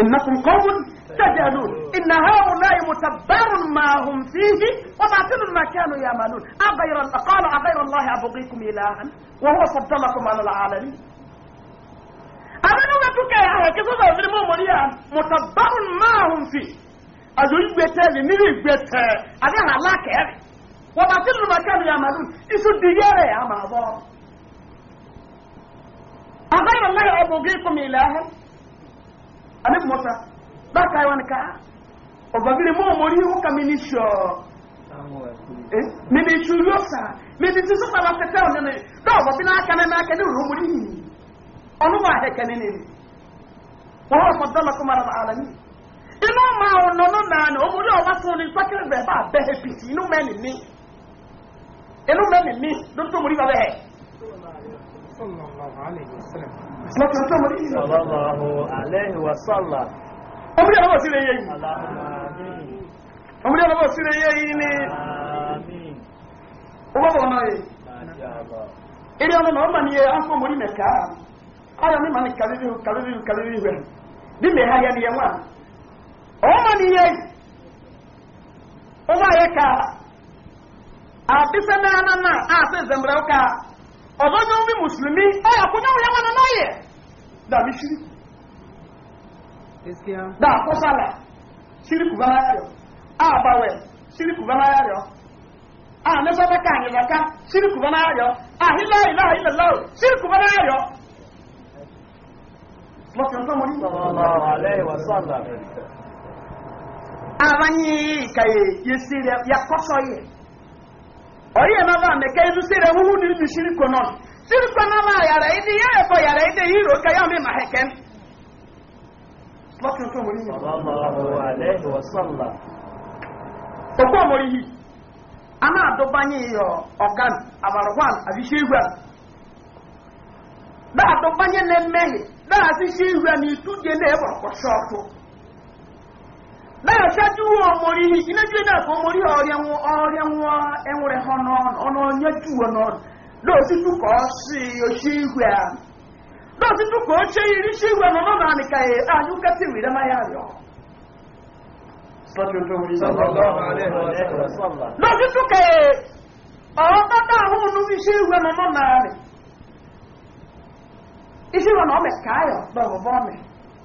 إنكم قوم تجهلون إن هؤلاء متبر ما هم فيه وباطل ما كانوا يعملون أغير قال أغير الله أبغيكم إلها وهو فضلكم على العالمين أبنوا لك يا أخي كيف تظلموا مريم متبر ما هم فيه أزوج بيتالي ميري بيت أنا هلاك يعني وباطل ما كانوا يعملون إسو ديارة يا مابا أغير الله أبغيكم إلها anabi musa báka ẹ wọn ká ọ̀gbàgbére mọ́ ọmọ orí wọ́n kà mí ní sọ mi ní sọ yóò sà mi ní ti sọ́kà bá tẹ́tẹ́ ọ̀nà mi náà ọ̀bọ̀ bí náà kẹ́lẹ́ náà kẹ́lẹ́ òrò mórí yìí ọ̀nà wà hẹ́kẹ́ ma ọ̀nà ọ̀nà náà ni ọmọ orí ọba fún ni gbàkẹ́rẹ́ bẹ̀ bá bẹ́ ẹ pìtì inú mẹ́ ni mí inú mẹ́ ni ọmọdé ọlọ́wọ́ sí rẹ̀ yẹ́yìn ọmọdé ọlọ́wọ́ sí rẹ̀ yẹ́yìn ni ọgbọ́gbọ́ ọmọ rẹ̀ eré ọmọ ọmọ ni na afọ mọ́rí mẹ́ka ayọ̀ mímọ̀ ní kàlíríhù kàlíríhù kàlíríhù rẹ̀ bí mẹ́ha yẹ ni ẹwà ọ̀dọ́ tó ń rí mùsùlùmí ọ̀yà kó náà yẹn wọn náà yẹ dàbí ṣírí dà kó sálà ṣírí kù bára yọ àbáwẹ̀ ṣírí kù bára yọ àmẹ́sọ́bẹ́ka àyẹ̀lẹ́ka ṣírí kù bára yọ àhílá ìlà ìlẹ̀lá ṣírí kù bára yọ. lọ́sàn-án tó mọ̀ ní. àwọn yìí kàyé yẹ sí rẹ̀ yà kọ́sọ̀ yìí. ọ̀rí ẹ̀ máa bá mẹ́kẹ́ inú sí rẹ̀ wúwú nínú ṣíríkò náà ṣíríkò náà máa yàrá ìdí yẹ́ ẹ̀fọ́ yàrá ìdí yìí rò kẹ́yọ́ mi máa hẹ̀kẹ́ lọ́kàn tó mọ̀ nínú ọ̀pọ̀ ọmọ yìí a máa na yọ ọ̀gán àbàrọ̀wán àbí ṣírígbà dáa dọ́bányé lẹ́mẹ́lì dáa sí ọ̀ṣájú ọmọrí ní sínájú ẹ̀dá kan mọrí ọ̀rẹ́wọ̀n ẹ̀wọ̀rẹ̀ ọ̀nà ọ̀nà yẹjú ọ̀nà lóòtítù sí oṣù ìwé à lóòtítù ṣe iríṣẹ́ ìwé ọ̀nà náà náà nìkan ẹ̀ kẹ́tì ìwé rẹ̀ máa yà yọ. lóòtítù kẹ́ ẹ̀ ọ̀rọ̀ bá dá iṣẹ́ ìwé káyọ̀ lọ́wọ́ bọ́ọ̀mẹ̀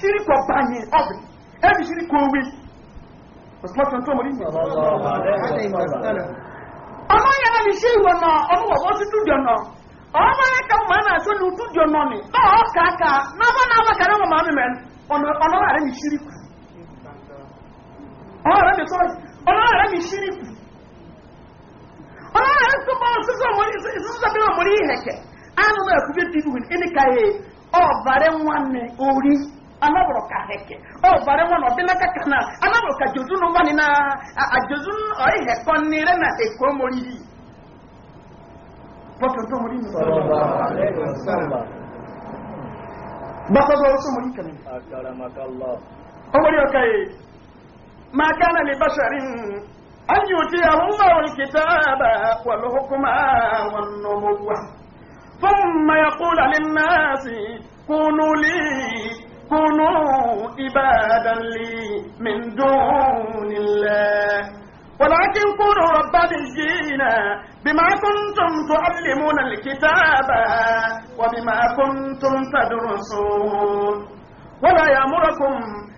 siri kɔ banyi ɔbɛ ɛbi siri kɔ owi ɔsùnmọ́ tó ń tó mọ́rí nìyí. ọmọ yẹn náà ní ṣé ìwọ náà ọmọ wọ̀ bọ́ sí túdìọ̀ náà ọmọ no ká mọ̀ náà sọ ní túdìọ̀ náà ni náà ọ̀ kàkà náà bọ́ náà wà kàrẹ́ wọn màmí mẹ́rin ọ̀nà ọ̀nà rẹ̀ mi ṣírí kù. ọ̀nà rẹ̀ mi sọ̀rọ̀ ọ̀nà rẹ̀ mi ṣírí kù. ọ̀nà rẹ̀ tó bọ́ sísọ mọ́rí sísọ bí wọ́n anabro ka heke o bare won o dinaka kana anabro ka jozu no na a jozu o ihe kon ni na e ko mori ri to mori ni sallallahu alaihi wasallam ka do so mori kan كونوا عبادا لي من دون الله ولكن كونوا ربانيين بما كنتم تعلمون الكتاب وبما كنتم تدرسون ولا يأمركم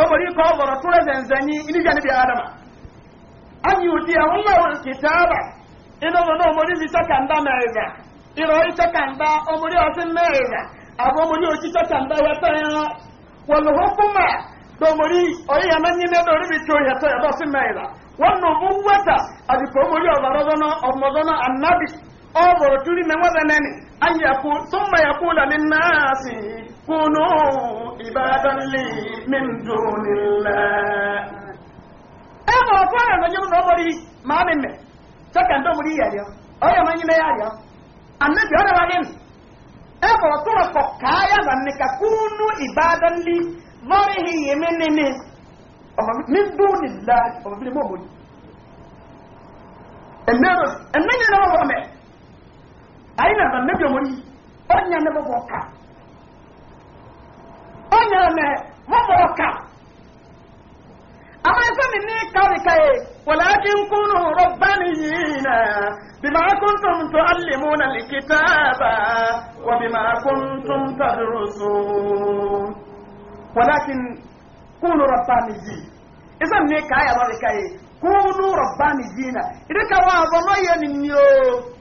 ọ ko woro tura zanzanyi ini jani bi adama an yuti allah kitaba ino no omori bi sakanda meza iro isakanda omori osin meza abo omori osi sakanda wata ya wal hukuma do omori oyi anan yin do ri bi to ya to ya do sin omori ọ bụrụ mẹ́wọ́n bẹ́ẹ̀ nẹ́ni. ayẹ̀kú súnmọ̀ ẹ̀kú lálẹ́ ya sì kúnú ìbádọ́lé mẹ́ndónilá. ẹ mọ̀ fún ẹ̀rọ yóò lọ bọ́rí màá mi mẹ́ sọ́kà ń dọ́mọdé yẹ̀ yọ ọ̀yọ̀ máa ń yín mẹ́yà yọ. ànábì ọ̀rọ̀ wa yẹn ẹ mọ̀ aina na nabi omori onya na bɔbɔ ka onya na bɔbɔ ka ama ɛsɛ mi ni karika ye walakin kunu rɔbani yina bima kuntum to alimuna likitaaba wa bima kuntum tadrusun walakin kunu rɔbani yi ɛsɛ mi ni kaya rɔbani ka ye kunu rɔbani yina ɛdika wa bɔnɔ ye nin ye o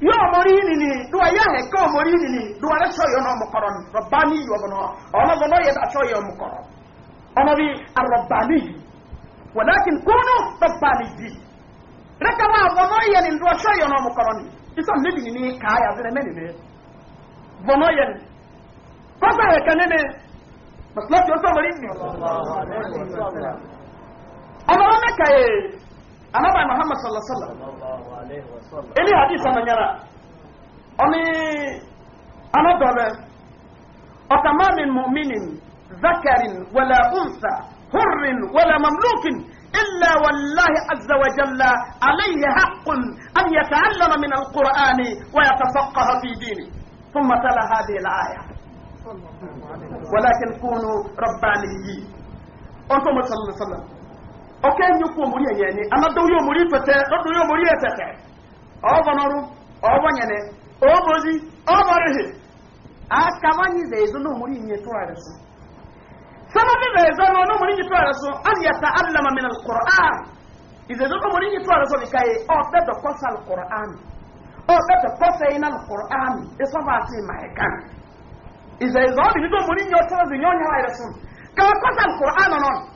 yóò mọrí nìní ló wà yáhẹ kó mọrí nìní ló wà lẹsọ yọ náà mọkọrọ ni rọbaani yọ bọ náà ọmọ bọ náà yẹ dàtọ yọ mọkọrọ ọmọ bi arọbaani yìí wọlákin kúnú rọbaani yìí rẹkẹwà bọ náà yẹ ni ló sọ yọ náà mọkọrọ ni sísọ níbi nìní káyà fẹrẹ mẹ nìní bọ náà yẹ ni kọsà yẹ kẹ nínú mọsálásí ọsọ mọrí nìní ọmọ wọn mẹka yẹ. anaba muhammad sallallahu alaihi wasallam ele hadith na nyara oni anadore otama min mu'minin zakarin wala unsa hurrin wala mamlukin إلا والله عز وجل عليه حق أن يتعلم من القرآن ويتفقه في دينه ثم تلا هذه الآية ولكن كونوا ربانيين أنتم صلى الله عليه وسلم ọkọ ẹ̀yìn kú òmùrí ẹ̀yẹ ni anádáwó yóò mórí pẹ̀tẹ́ lọ́dún yóò mórí ẹ̀tẹ̀tẹ̀ ọ̀bọ̀nọ́rú ọ̀bọ̀nyẹnẹ ọ̀bọ̀zí ọ̀bọ̀rìhì akamanyi zaizo no muri nye to arasu sababi zaizo no muri nye to arasu an yata'allama min mina izaizo no muri nye to arasu bikai o te do kosa alquran o te do kosa ina alquran eso ba ti maikan izaizo ni do muri nye to arasu nyonya arasu ka kosa alquran non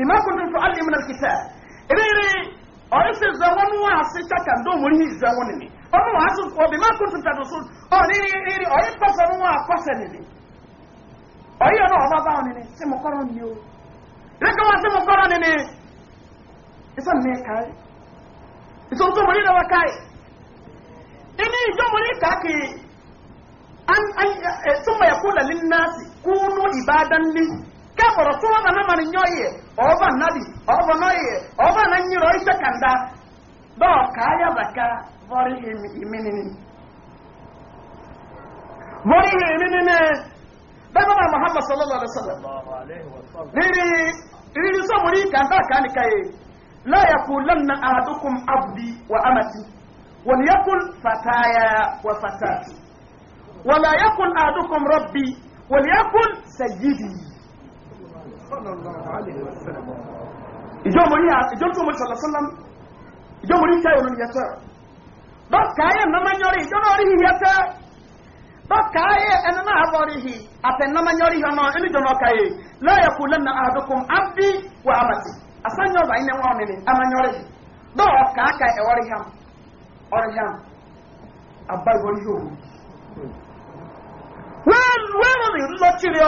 bima kuntum tuallimuna alkitab ebere ɔyɛsɛ zɛwɔ no wa ase kyaka dɛ ɔmɔni yi zɛwɔ ne ne ɔno wa ase wɔ bima kuntum tatu so ɔne ne ne ɔyɛ kɔsɛ no wa kɔsɛ ne ne ɔyɛ no ɔba ba ne ne sɛ mo kɔrɔ ne o ɛka wa sɛ mo kɔrɔ ne ne ɛsɛ ne kae ɛsɛ nso ɔmɔni na wa kae ɛne ɛdɛ ɔmɔni kaake an an ɛ sɛ mo lalin naasi kúnú ibadan lihu kẹfọrọ fún ọmọ náà mani nyọ yẹ ọba nadi ọba nọ yẹ ọba náà nyiri ọyẹ kanda dọọ kaaya baka bọri iminini bọri iminini bẹẹ bá muhammad sallallahu alaihi wa sallam riri riri sọmọri kanda kani ka ye láyà kú lẹ́nu àdókùn abdi wa amati wọ́n yẹ kún fataya wa fatati wọ́n yẹ kún àdókùn rọ́bì wọ́n yẹ kún sẹ́yidi ìjọ mọ̀rí ìjọ tó mọ̀rí sọ̀lọ̀sọ́lọ́m ìjọ mọ̀rí ṣáyẹ̀ ló yẹtẹ́ dọ́kàáyé nàmányọ́rí ìjọ náà rí hi yẹtẹ́ dọ́kàáyé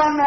ẹni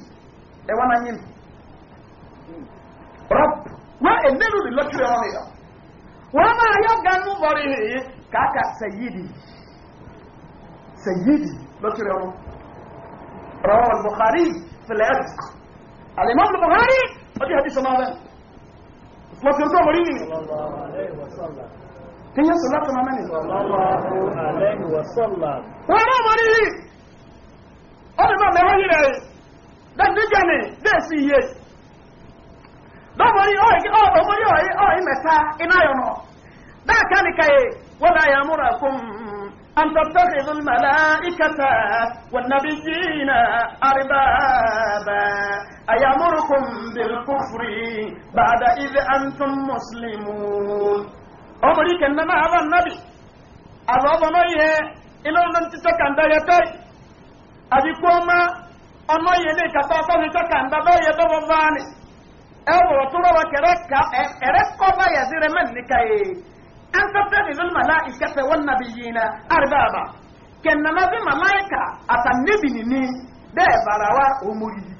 ẹwọ́n náà yín rap wọ́n ẹ̀lẹ́rù ní lọ́tìrì ọ̀rọ̀ yìí wọ́n máa yọ ganu bọ̀rì yìí kàkà sẹ̀yìdì sẹ̀yìdì lọ́tìrì ọ̀rọ̀ rọ̀wọ̀ buhari filẹ̀ alimọ́ buhari ọdí hadith ọmọ rẹ̀ wọ́n ti rúkọ̀ mọ̀rí nìyí kí yẹn sọ̀lá tó máa mẹ́rin wọ́n náà mọ̀rí yìí ọdún náà mẹ́rin yìí rẹ̀ dandijani desi iye dɔbɔri ɔyi ɔbɔri ɔyi ɔyi mɛta ina yɔ nɔ daa kani ka ye wala yamura kum an tattakhidhu almalaikata wannabiyina arbaba ayamurukum bilkufri ba'da idh antum muslimun ɔbɔri kɛnɛ na aba nabi a zɔbɔ nɔ yɛ ilon nan ti sɛ kan da yɛ tai a bi kɔma ọmọ yẹn ní ìkàtà ọtọ́ni tọ́ka ń bàbá yẹn tó wọ́n báni ẹ wọ̀rọ̀ tó rọwọ́ kẹrẹ ká ẹrẹ kọ́ bá yẹn sí rẹ mẹ́rin ká yé an tọ́tẹ́ ní lónìí màlá ìkẹsẹ̀ wọn nàbí yìí na àríbàbà kẹ̀nàmá sí màláìkà àtànẹ́bì nìní bẹ́ẹ̀ bàrà wa òmòrì yìí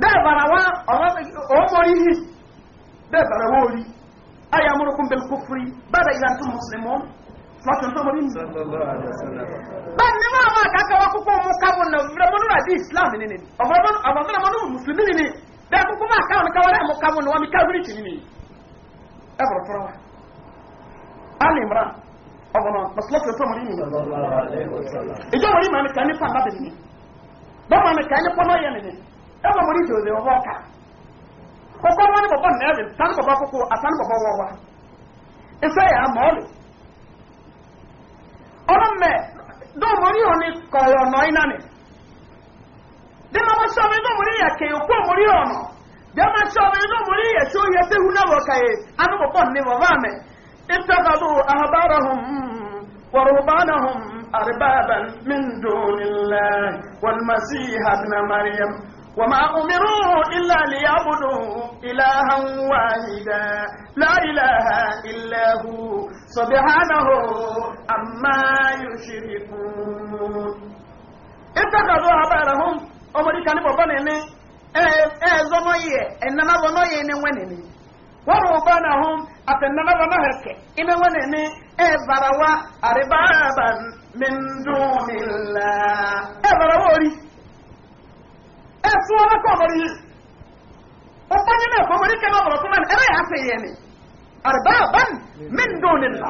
bẹ́ẹ̀ bàrà wa òmòrì yìí bẹ́ẹ̀ bàrà wa òrì ayé amúrúkú bẹ́ẹ̀ kófúri bá láti ọ̀sán mọ́rí mi. bẹ́ẹ̀ ni máa máa kàkẹ́ wá kókó mú kábọ̀ náà fúnra mọ́nú rà bí islam ni ni ọ̀bọ̀n mọ́nú mùsùlùmí ni ni bẹ́ẹ̀ kókó máa káwọn káwọn rẹ̀ mú kábọ̀ náà wọ́n mi káwọn ti ni ni. ẹ bọ̀rọ̀ fúnra wa ali imran ọ̀bọ̀n náà masalasi ọ̀sán mọ́rí mi. ìjọ mọ́rí màmí kan ní pàmbá bẹ̀rẹ̀ ni bọ́ màmí kan ní pọ́nọ́ yẹn ni ẹ bọ̀ mọ́rí dóòmórí òní kọ̀ọ̀rọ̀ ọ̀nà iná dema dẹ́mọ̀ sọ́mi dóòmórí ya ke kó mórí ono ọ̀nà dẹ́mọ̀ sọ́mi dóòmórí yẹ tó yẹ tẹ́hu náà anu mo pon ní bàbá mi ìtàkàdù àhàbára hùn wọ̀rùbáná hùn àrùbáàbà mí dùn nílẹ̀ wọ́n mà sí وما أمروا إلا ليعبدوا إلها واحدا لا إله إلا هو سبحانه عما يشركون اتخذوا أبارهم أمري كان بابانيني ẹ̀ẹ́zọ́nọ́yẹ ẹ̀nanabọ́nọ́yẹ ni wọ́n nìní wọ́n rò bá náà hùn àtẹ̀nanabọ́nọ́ hẹ̀kẹ́ ẹni wọ́n nìní ẹ̀ẹ́bàrà wa ndu mìndùmìlà wa ori. ẹ̀sùn ọlọ́kọ̀ ọmọdé yìí ó fọ́nyẹ́ náà fọ́mọdé kẹ́lá ọmọdé tó náà ẹ̀rẹ́ àṣẹ yẹn ni àrùbá àbán mẹ́ndùn nìlá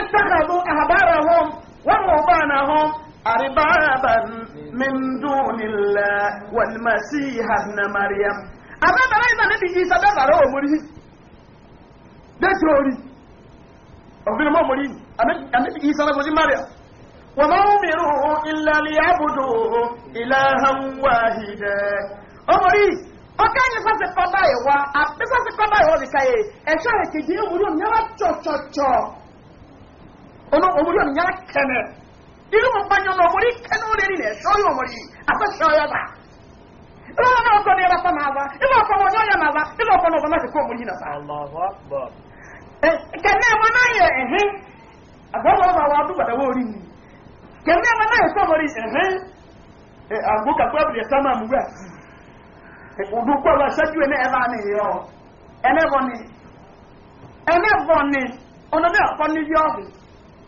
ìtàkàdù àhàbára hom wọn wọ bá na hom àrùbá àbán mẹ́ndùn nìlá wàlmàṣí hànà mariam àbábàrá ìgbà níbi yìí sábàbàrá ọmọdé yìí dẹ́tí orí ọ̀fìn ọmọdé yìí àmì ìsára ọmọdé mariam وما أمروا إلا ليعبدوا إلها واحدا أمري ọkàn yìí sọ́sẹ̀ e yìí wá àbí sọ́sẹ̀ kọ́bá yìí wọ́n lè káyè ẹ̀ṣọ́ ìkejì òmùrí òmìnira tsọ̀tsọ̀tsọ̀ ọ̀nà òmùrí òmìnira kẹ̀mẹ̀ inú mi bá yọ̀nà òmùrí kẹ́nu rẹ̀ nílẹ̀ ẹ̀ṣọ́ yìí àfẹ́ṣọ́ yọ̀ bá náà ọkọ̀ màá bá ọkọ̀ wọn màá bá ọkọ̀ náà ti kẹ̀mí ẹ̀mọ́ náà sọ mọ́rí ẹ̀hẹ́n àgbókà pẹ́bìlì ẹ̀sánmà mú rẹ̀ òdúkọ́ wa ṣẹ́jú ẹ̀ ẹ̀bá ni yọ ni ẹ̀nẹ́bọ̀ ni ọ̀nàdé ọ̀kọ́ ní yọ́ọ̀bì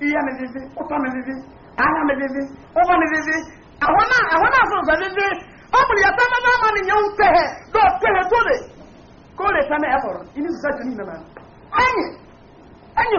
iye mi fífi ọ̀tọ́ mi fífi ara mi fífi ọwọ́ mi fífi na náà ịnụ anyị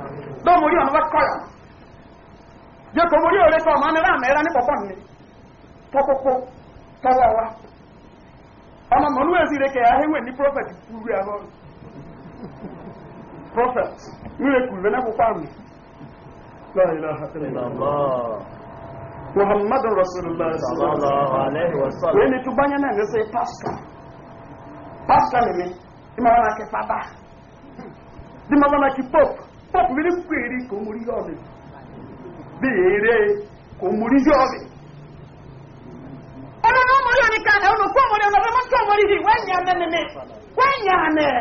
dɔw mori ɔnu bɛ kɔyɔ jeko mori yɛ lɛtɔ ɔmɔ anira amɛra ni bɔbɔ nini tɔkoko tɔwɔwa ɔmɔ mɔnu yɛ zire kɛ ahewɛ ni prɔfɛt kuru yɛ hɔ prɔfɛt nure kuru bɛnɛ koko ami muhammadu rasulillah sallallahu alaihi wa sallam na nga se wana papa wana pọ́pù mi pèrè kò mú rí yọ̀ọ̀dẹ̀ béèrè kò mú rí yọ̀ọ̀dẹ̀. ọ̀nà náà mo rí ọ̀nì kan ẹ̀rọ kó ọmọdé ọ̀nà ọ̀nà tó ọmọdé yìí wọ́n yà mẹ́mẹ́ mi wọ́n yà mẹ́.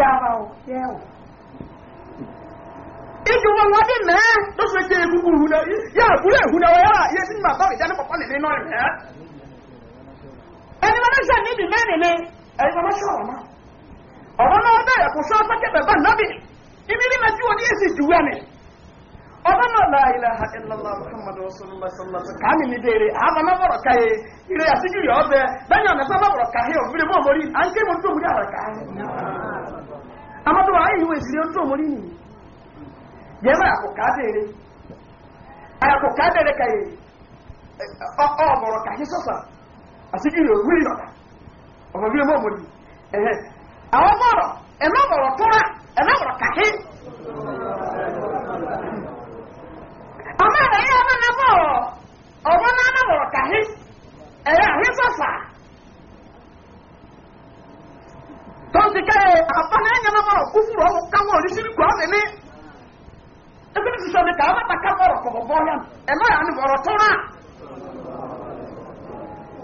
yàrá o yẹ o. Ibi wọn wọ́n dín mẹ́ ló ṣe ṣe egungun ìhun náà yàrá ìkúlẹ̀ ìhun náà yàrá yẹ sí màá bá ìjánu pọ̀pọ̀ lè náà rẹ̀. Ẹni wọn ṣe mẹ́rin ni ẹni wọn ṣe náà. ọ̀rọ̀ náà bẹ̀rẹ̀ kò sọ ọ́sọ́ kẹfẹ́ bá nábì ibi ni mẹ́tí wọn ní èsì jù wẹ́ ni muhammadu rasulillah sallallahu alaihi kàmì ka déere àbá mọ́bọ̀rọ̀ káyé ilé àtijọ́ yọ ọbẹ̀ bẹ́ẹ̀ni ọ̀nà fẹ́ mọ́bọ̀rọ̀ káyé òfin mọ́ mọ́rí à amadu àwọn bọ̀rọ̀ ẹ̀mọ́ bọ̀rọ̀ tóra ẹ̀mọ́ bọ̀rọ̀ kàkí. ọmọ rẹ̀ yẹ ọmọ náà bọ̀rọ̀ ọmọ náà náà bọ̀rọ̀ kàkí ẹ̀rẹ́ àrí sọ̀fà. tọ́sí kẹ́rẹ́ àpá náà yẹn náà bọ̀rọ̀ kúkú rọ̀ káwọn oníṣirí kọ́ mi ní. ebi ní sísọ mi kà ká bọ̀rọ̀ kọ̀ọ̀bọ̀ yẹn ẹ̀mọ́ yẹn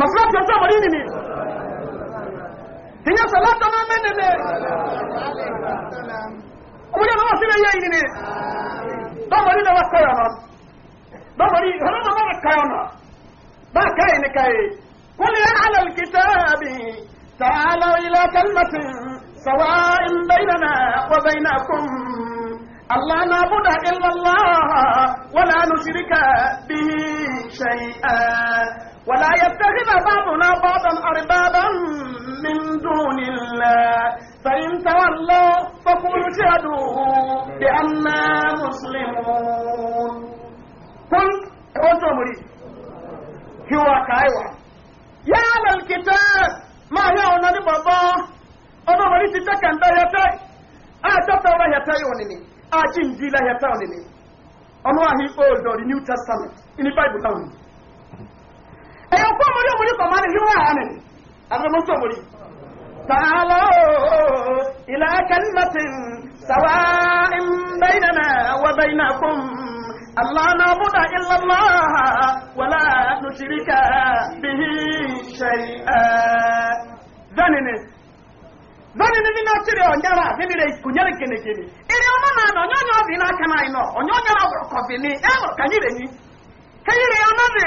masalati yasa marini ne hinya salata na mene ne kuma yana wasu ne yayi ne ba mari da wasu kaya nan ba mari hana na wasu kaya nan ba kai ne kai قل يا أهل الكتاب تعالوا إلى كلمة سواء بيننا وبينكم ألا نعبد إلا الله ولا نشرك به شيئا ولا يتخذ بعضنا بعضا أربابا من دون الله فإن تولوا فقولوا اشهدوا بأننا مسلمون قل أوتومري هو كايوا يا أهل الكتاب ما هي أولاد بابا أوتومري تتكن بيتي أتتوا بيتي ونني أجنجي ليتي ونني أنواهي أولد New Testament in the Bible e fún ọmọdé ọmọdé kọ̀ máa ní híwọ́ àánì agbẹ́mọ́sọ̀ ọmọdé tààlọ́ ilẹ̀ kẹlẹ́tìn sàwá ìbẹ́yìnà na bẹ́yìnà kún allah na buda illallah wala nushirika bihi shay'a zanini zanini ni na chiri onyara ni kunyere kene na na ni ni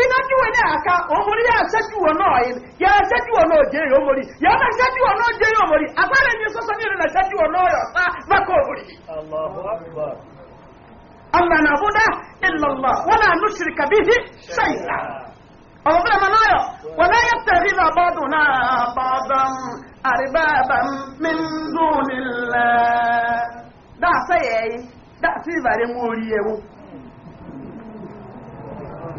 ìdájúwe ní àká ya yà ṣẹ́júwò náà yìí a ṣẹ́júwò náà jẹ́ ìrò òmòrí yà má ṣẹ́júwò náà jẹ́ ìrò òmòrí agbára ní na ní ìrìnà ṣẹ́júwò náà yọ̀ sá mẹ́kọ̀ òmòrí. allah na buda illallah wala nushrika bihi shay'a ọmọ fúnra mọ náà yọ yattakhidha ba'duna ba'dan arbaban min dunillah dáa sẹ́yẹ̀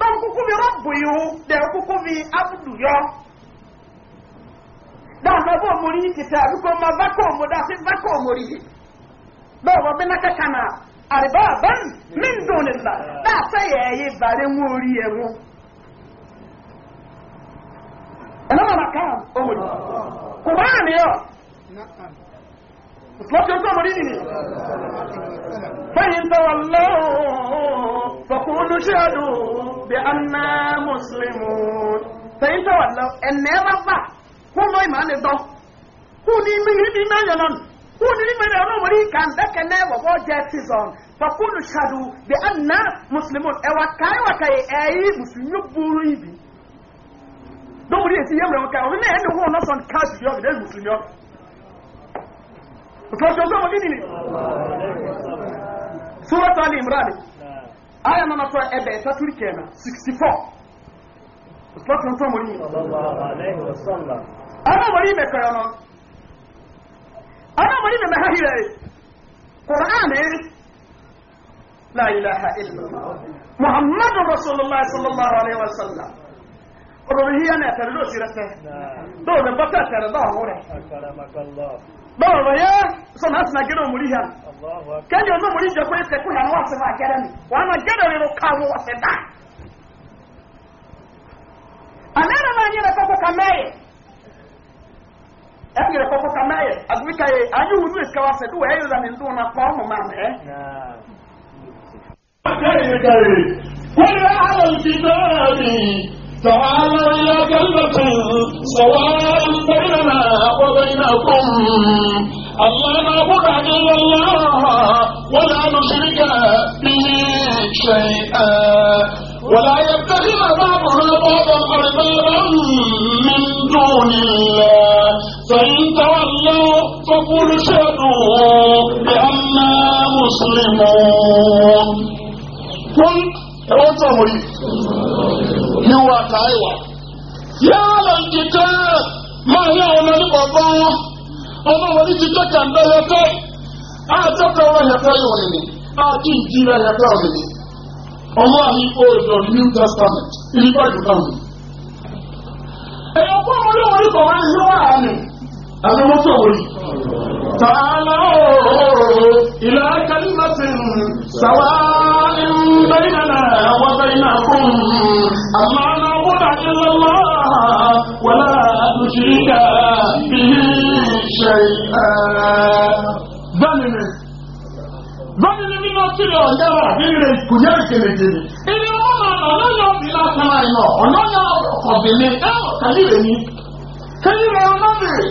na nkuku mi rọbù yìí na nkuku bi abudu yọ dáhùn ọba òmòrì yìí kìtà àbíkọ ọmọ bákọ òmòdà sí bákọ òmòrì yìí bẹ́ẹ̀ wọ́n bí náà kàkà àrìbá àbẹ́rù mí ń dùn nìlá láàfẹ́ yẹ ẹ̀yẹ lọ́tí ọjọ́ mọ̀ nínú fẹ́yìn tọwọ́ lọ́wọ́ fọkúnlú ṣẹ́dù bí anna muslimu fẹ́yìn tọwọ́ lọ́wọ́ ẹ̀nà ẹ̀rọ fà kún lọ ìmọ̀ ní dọ́ kún ní mímí mẹ́yọ̀ náà kún ní mímí ọ̀nà wọ̀rí kàńdẹ́kẹ̀ náà wọ̀wọ́ jẹ́ tizon fọkúnlú ṣẹ́dù bí anna muslimu ẹ̀wà káyọ̀wà káyẹ̀ ẹ̀yí musulmi búrú ibi تفرجوا زوما جيني لي سورة علي إمراني آية نانا سورة أبا ساتوري كينا 64 تفرجوا زوما جيني الله عليه وسلم أنا مريم كيانا أنا مريم ما هي لأي قرآن إيه لا إله إلا الله محمد رسول الله صلى الله عليه وسلم قرآن هي أنا ترلو سيرته دولة بطاة ترلو سيرته أكرمك الله bọ́ọ̀ bọ̀ yẹ́ sọ́nà àti nàgẹ́rẹ́ òmùrí hàn kẹ́ni ọ̀nà òmùrí jẹ́ kóyẹ́ sẹ́kù hàn wá sẹ́fà gẹ́rẹ́ mi wà á nà gẹ́rẹ́ rẹ̀ ká wọ́ ọ̀sẹ̀ dá. àná ẹ̀rọ náà nyẹ́rẹ̀ kọ́kọ́ ká mẹ́yẹ ẹ̀ nyẹ́rẹ̀ kọ́kọ́ ká na àgùbí ká yẹ ayé wù ní ìsìkà بينكم الله نعبد إلا الله ولا نشرك به شيئا ولا يتخذ بعضنا بعضا أربابا من دون الله فإن تولوا فقولوا اشهدوا بأننا مسلمون قل يا يوم تايوا يا الكتاب máa ní àwọn ọmọ nípa bá ọmọ wọn ní ti tọ́jà ń bẹ yẹtọ́ àtọ́tọ́ wọn yẹtọ́ yọ nìyí àti ìdí rẹ yẹtọ́ nìyí ọmọ àmì oòdù new testament ìlú bá ìlú bá wọn. ẹ̀yọ́ fún wọn ní wọn àná أسمى صوري تعالوا إلى كلمة سواء بيننا وبينكم ألا نعبد إلا الله ولا نشرك به شيئا بني báyìí ní mímọ́ tí lọ yára nílé kò yẹ kèrèkèrè ilé ọmọ náà ọlọ́yà ọ̀bì látara iná ọlọ́yà ọ̀bì ní ẹ̀ ọ̀kàlì rẹ̀ ní kẹ́lí rẹ̀ ọlọ́bìnrin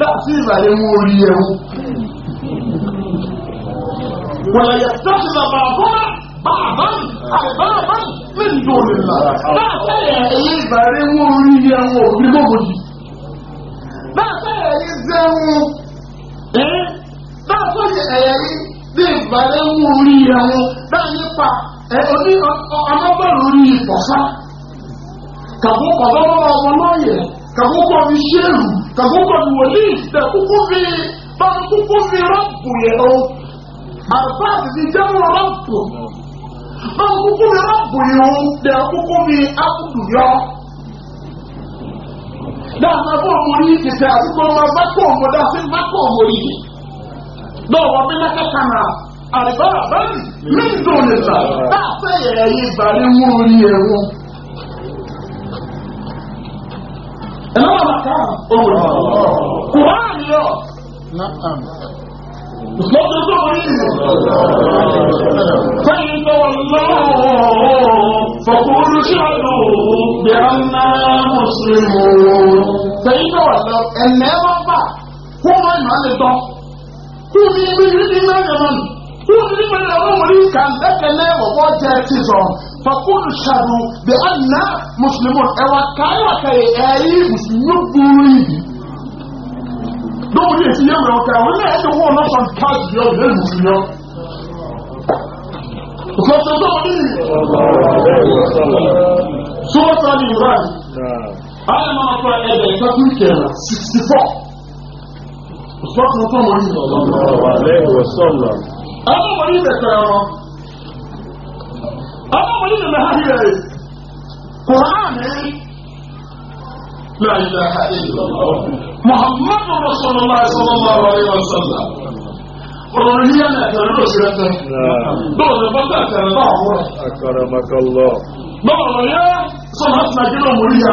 láti ìràyè mú orí ẹ̀hún. wọ́n yẹ sẹ́sì bàbá àbúrò bàbá mi àbẹ̀bá bàbá mi ní ìdòwòlè ńlá láti ẹ̀yẹ ìràyè mú orí ẹ̀hún òbí gbogbo láti ẹ̀yẹ ìràyè ẹ̀ láti ẹ̀yẹ bí ìgbàlẹ̀ mú orí ẹ̀hún náà nípa ẹ̀ oní ọmọbọ̀rọ̀ orí ìpọ̀sá kàbó ọ̀bọ̀bọ̀ ọmọ náà yẹ kàbó kọ́ fi ṣéèrù kagunga wòlíì dẹ kúkú fi báwo kúkú fi rọ́pù yẹn o àbá àti jẹ́mu rọ́pù báwo kúkú fi rọ́pù yẹn o dẹ kúkú fi ákùdù yọ. dáàbà fún ọmọ yìí ti sẹ àtúntò ọmọ bá kó ọmọ dá sí bá kó ọmọ yìí náà wọ́n bí lẹ́kẹ́ kan náà àlùbọ́rà báyìí mí dùn nìta ẹ̀nà wà bàtà ọ̀rọ̀ kùrán yọ lọ́dún tó wọ́n yìí fẹ́yìn tó wọ́n lọ́wọ́ fọ̀kúrú ṣọ́lù bí a ń ná mùsùlùmù fẹ́yìn tó wọ́n lọ ẹ̀nà ẹ̀rọ bà kó wọ́n ìmọ̀ lè tọ́ kú ní ibi ìrírí mẹ́rin mọ́nì kú ní ibi ìrírí mẹ́rin mọ́nì kà ń dẹ́kẹ̀ náà wọ́n jẹ́ fakulu sharu bɛ anna muslimun ɛwà káyé wà káyé ɛyí musulmi buuru yi dɔw yɛ si yɛ wura ɔkara wɔn yɛ ɛdi wɔn náà sɔn káyé yɛ ɔyɛ musulmi yɛ kɔsɔ dɔw ni sɔɔta ni yuran ayi ma ma fɔ ɛ bɛ kakuru sixty four sɔɔta ni fɔ mɔni yɛ ɔlɔlɔ ɛɛ wɔ sɔɔla ɛɛ mɔni bɛ kɛra yɔrɔ. ọmọ wọn nínú náà yẹ kùránì láyé láha ìlọ́wọ́ muhammadu rasulillah sallallahu alayhi wa sallam ọ̀rọ̀ yíyá náà kẹrẹ ló ṣe rẹpẹ bọ́ọ̀lù bọ́tà kẹrẹ náà wọ́n. akaramakalọ. bọ́ọ̀lù yẹ sọ̀rọ̀ àti nàìjíríà mọ̀rí ya.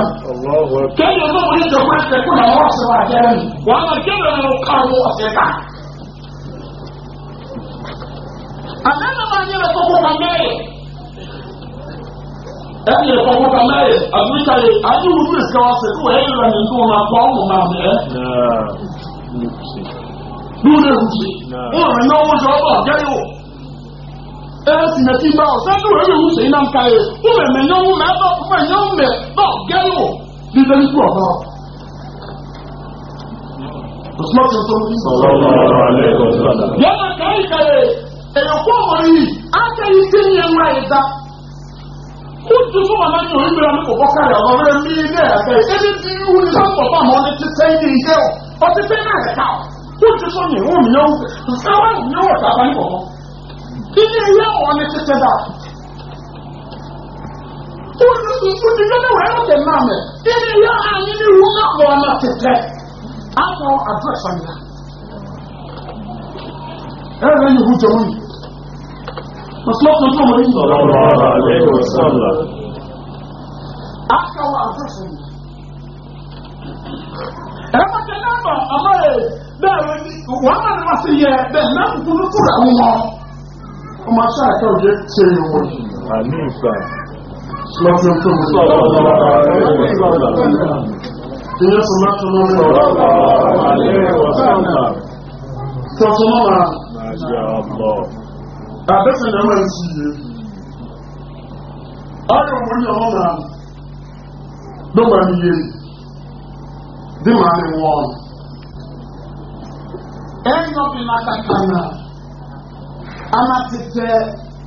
kẹ́yìn ọ̀dọ́ mọ̀rí ìjọba ẹ̀kọ́ náà wọ́n ṣe wà kẹrẹ mi wọ́n á kẹ́yìn ọ̀dọ́ káwọn ọ̀sẹ̀ ká. àbẹ́nàmọ́ ayé rẹ̀ kókó kan bẹ́ẹ̀. ɛni yɛ kɔkɔ ka mɛ yɛ abirika yɛ adi wudu esika wa se ko ɛyɛ yɛlɛ nin kuma ko aw mu maa mɛ. n'u de y'u se n'u yɛrɛ n'aw wo sɔrɔ bɔ jɛ y'o ɛɛ sinɛti ba o sɛ n'u yɛrɛ y'u se n'an ta ye u mɛ mɛ ɲɔgɔn mɛ bɔ fɛ ɲɔgɔn mɛ bɔ jɛ y'o bi bɛ ni kura kɔrɔ. osuma tɛ sɔrɔ ni sɔrɔ. yala k'ayi ka ye ɛyɛ kɔmɔ yi a kɛ Ojú fún màmá ní orí gbéra ní kò bọ́ kárí ọ̀rọ̀ rẹ̀ ní ilé ẹ̀fẹ́. Ebi ti wú ní sọ́kọ̀ bá mọ́ ní títẹ́ ní iṣẹ́ ọ̀. Ọtí pé náà ẹ̀ka ọ̀. Ojú fún mi ìwọ̀n mi yóò wù. Sáwá mi yóò wọ̀ sábà ní kọ̀ọ̀kan. Ilé ilé ọ̀ ní títẹ́ dà. Ojú fún mi wẹ́rẹ́ ọ̀tẹ̀ máa mẹ̀. Ilé ilé ààyè ní ìwú náà wọ̀ ọ̀nà títẹ́. Àwọn àdúrà mọ̀sílọ́pù tó mọ̀ ní sọ̀rọ̀ àlẹ́kọ̀ọ́ sọ́lá akọwà àtúnṣe ẹ̀rọ̀tẹ̀ lẹ́bà ọmọ ẹ̀ bẹ́ẹ̀rẹ̀ ní wọ́n máa ní wá sí yẹ bẹ́ẹ̀ náà kúkú ló kúrò àwọn ọmọ ọmọ aṣọ àti ọjọ́ ṣe é wọ́n yìí àní àbẹ́sẹ̀ náà máa ń sí iye ayọ̀ mọ́ ní ọmọ náà ló máa ń yé bí máa ní wọ́n ẹ̀yọ́ bí náà kàkà náà a máa ti tẹ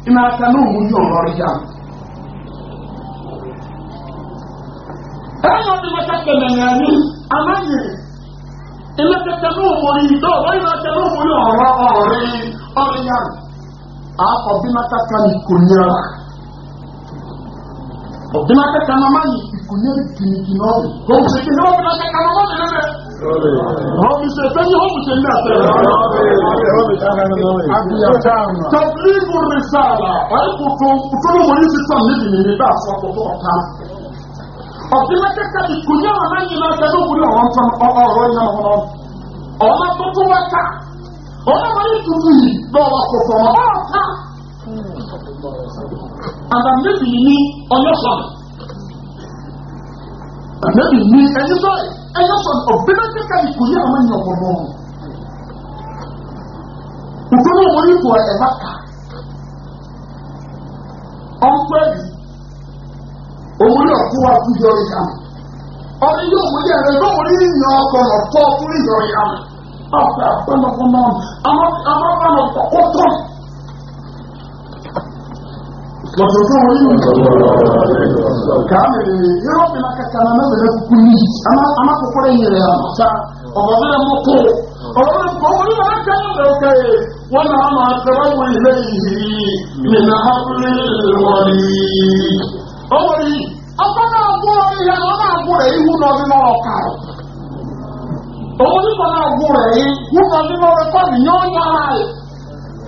iná aka náà mú ní ọ̀rọ̀ rí yá ẹ̀yọ́ bí náà kàkà náà ní amáyé ilé tẹ̀tẹ̀ náà mọ̀ yìí tó ọ̀rọ̀ yìí náà náà mú ní ọ̀rọ̀ ọ̀rẹ́ ọ̀rẹ́ yá a ọbịnata ka ikonyere ọbịnata ka mama yi ikonyere kiniki na ọbị ka ọbụ sịkị n'ọbị na ka mama yi nene ọbị sị ebe ihe ọbụ sị ndị asịrị tabligu risala ọyị kwụkwụ ụfọdụ nwere isi sam n'ihi na ebe asụ ọkpụkpụ ọka ọbịnata ka ikonyere anaghị na aka n'okwu na ọrụ ntọ ọrụ onye ọhụrụ ọma tụtụ wata ọma nwere ikuku yi n'ọwa kụkọ ọma ọka àbàmẹ́bì ní ọlọ́sọ̀nù àbàmẹ́bì ní ẹni sọ ẹlọ́sọ̀nù ọ̀bẹ́rẹ́ kẹ́kẹ́ kò ní àwọn ènìyàn ọ̀pọ̀ náà òfin náà wọ́n ní kò ẹ̀bá kà ọ̀npẹ́bì òmùlé ọ̀kú wa kú yọrí yàmù ọdún yóò wọlé ẹ̀rọ ẹ̀rọ wọlé ní ìyàn a ọ̀tọ̀ fún ìyọrí yàmù ọ̀pẹ́ àpẹ́nàfọ́nà àmọ́ àmọ́ àmọ́ ọ̀pọ̀ kọ́tọ̀. lọ́sọ̀tún kàmìlì yọrọ bìlà kàkàrà mẹ́sẹ̀lẹ̀ kúkú ní amákòkòrò yìí rẹ̀ àmàta ọ̀bọ̀bẹ̀rẹ̀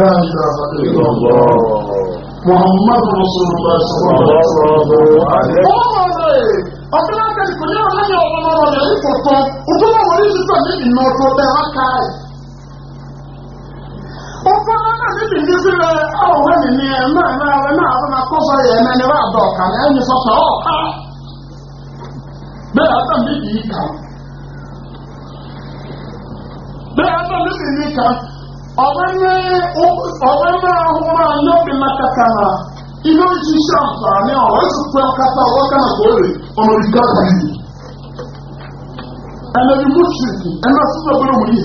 لا إله إلا الله محمد رسول الله صلى الله عليه وسلم ọ̀pẹ́lá kẹ́kọ̀ọ́ ní ọ̀lẹ́yìn ọ̀pọ̀lọ́ ọ̀rẹ́ ìkọ̀kọ́ òpópó wọlé títọ̀ ní ìnà ọ̀tọ̀ bẹ̀rẹ̀ káì ọ̀pọ̀lá náà níbi ní sílẹ̀ ọ̀wẹ́ mi ní ẹ̀ náà náà rẹ̀ náà rẹ̀ náà kọ́sọ̀ yẹ̀ ẹ̀mẹ́ ní ọ̀bẹ́ni ọ̀bẹ́ni ahọ́mọ́ ayé òbí makaka na inú ìjì iṣẹ́ àǹfààní ọ̀rọ̀ èsì pé ọkàtà ọwọ́ kánà gbòòrè ọmọ ìgbà bìí ẹnẹbi mùsùlùmí ẹnẹ sísè gbọdọ wòlíì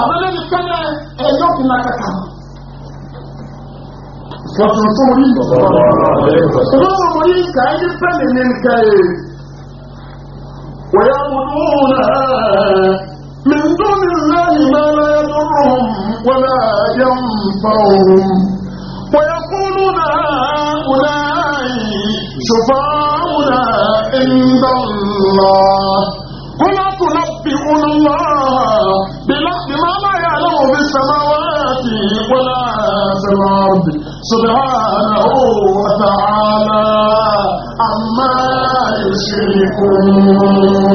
àbẹlẹ ní kẹlẹ ẹyọ òbí makaka na wọ́n tó wòlíì ọlọ́wọ́ wòlíì kà ẹni pẹ́ẹ́lì ní nkà yìí wọ́n yà wọ́n lóhùn náà mẹ́ndóni náà ní mẹ́rẹ́. ولا ينفعهم ويقولون هؤلاء شفاؤنا عند الله قل أتنبئون الله بلحظ ما لا يعلم في السماوات ولا في الأرض سبحانه وتعالى عما يشركون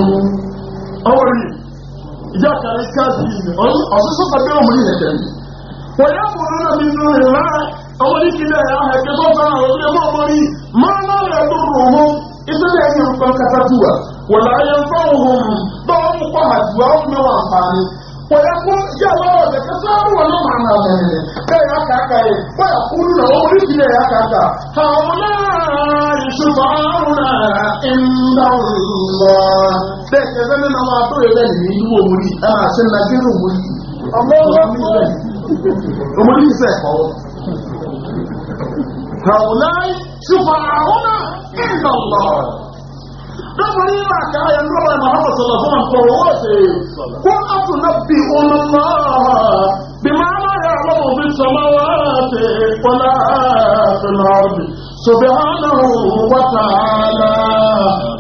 أولي ìjà kàrí káàkiri ọ̀sọ́sọ́ pàdé ọmọ yìí lẹ́tẹ̀ mi. wọ́n yá mọ̀ lọ́nà mi nù rẹ̀ lára ọmọ ní kílẹ̀ ẹ̀yà ẹ̀kẹ́ tó bá àwọn ọmọdé mọ́ ọmọ yìí máa náà rẹ̀ tó rò mọ́ ìtọ́jú ẹ̀yìn nǹkan kàtàkùwà wọ́n láyé ń fọ́ òun báwọn mú pa àjùwà ó yà lọ́wọ́ ọ̀dẹ̀kẹ́ sọ́ọ́rù wọn ló máa mẹ́rin bẹ́ẹ̀ yà kàkà yìí bẹ́ẹ̀ kúrú náà ó rí ìdílé yà kàkà. àwọn náà ìṣùgbọ́n àrùn náà ń dáhùn lọ́ọ́. bẹ́ẹ̀ ẹgbẹ́ náà máa tó ẹgbẹ́ nìyí ní omori ah, a máa ṣe ńlá gẹ́rù omori omori ìfẹ́ ọ̀wọ́ kàwùláì ṣùgbọ́n àwọn ìgbà lọ lọ́pọ̀lọpọ̀ yìí máa kà á lọ́wọ́ ẹ̀ máa sọ̀rọ̀ fún àpò owó ṣe kó a náà bí ọmọ náà bí máa máa yà lọ́wọ́ bí sọmọ wá ṣe kọ́lá àti náà sọ̀bẹ̀ hánà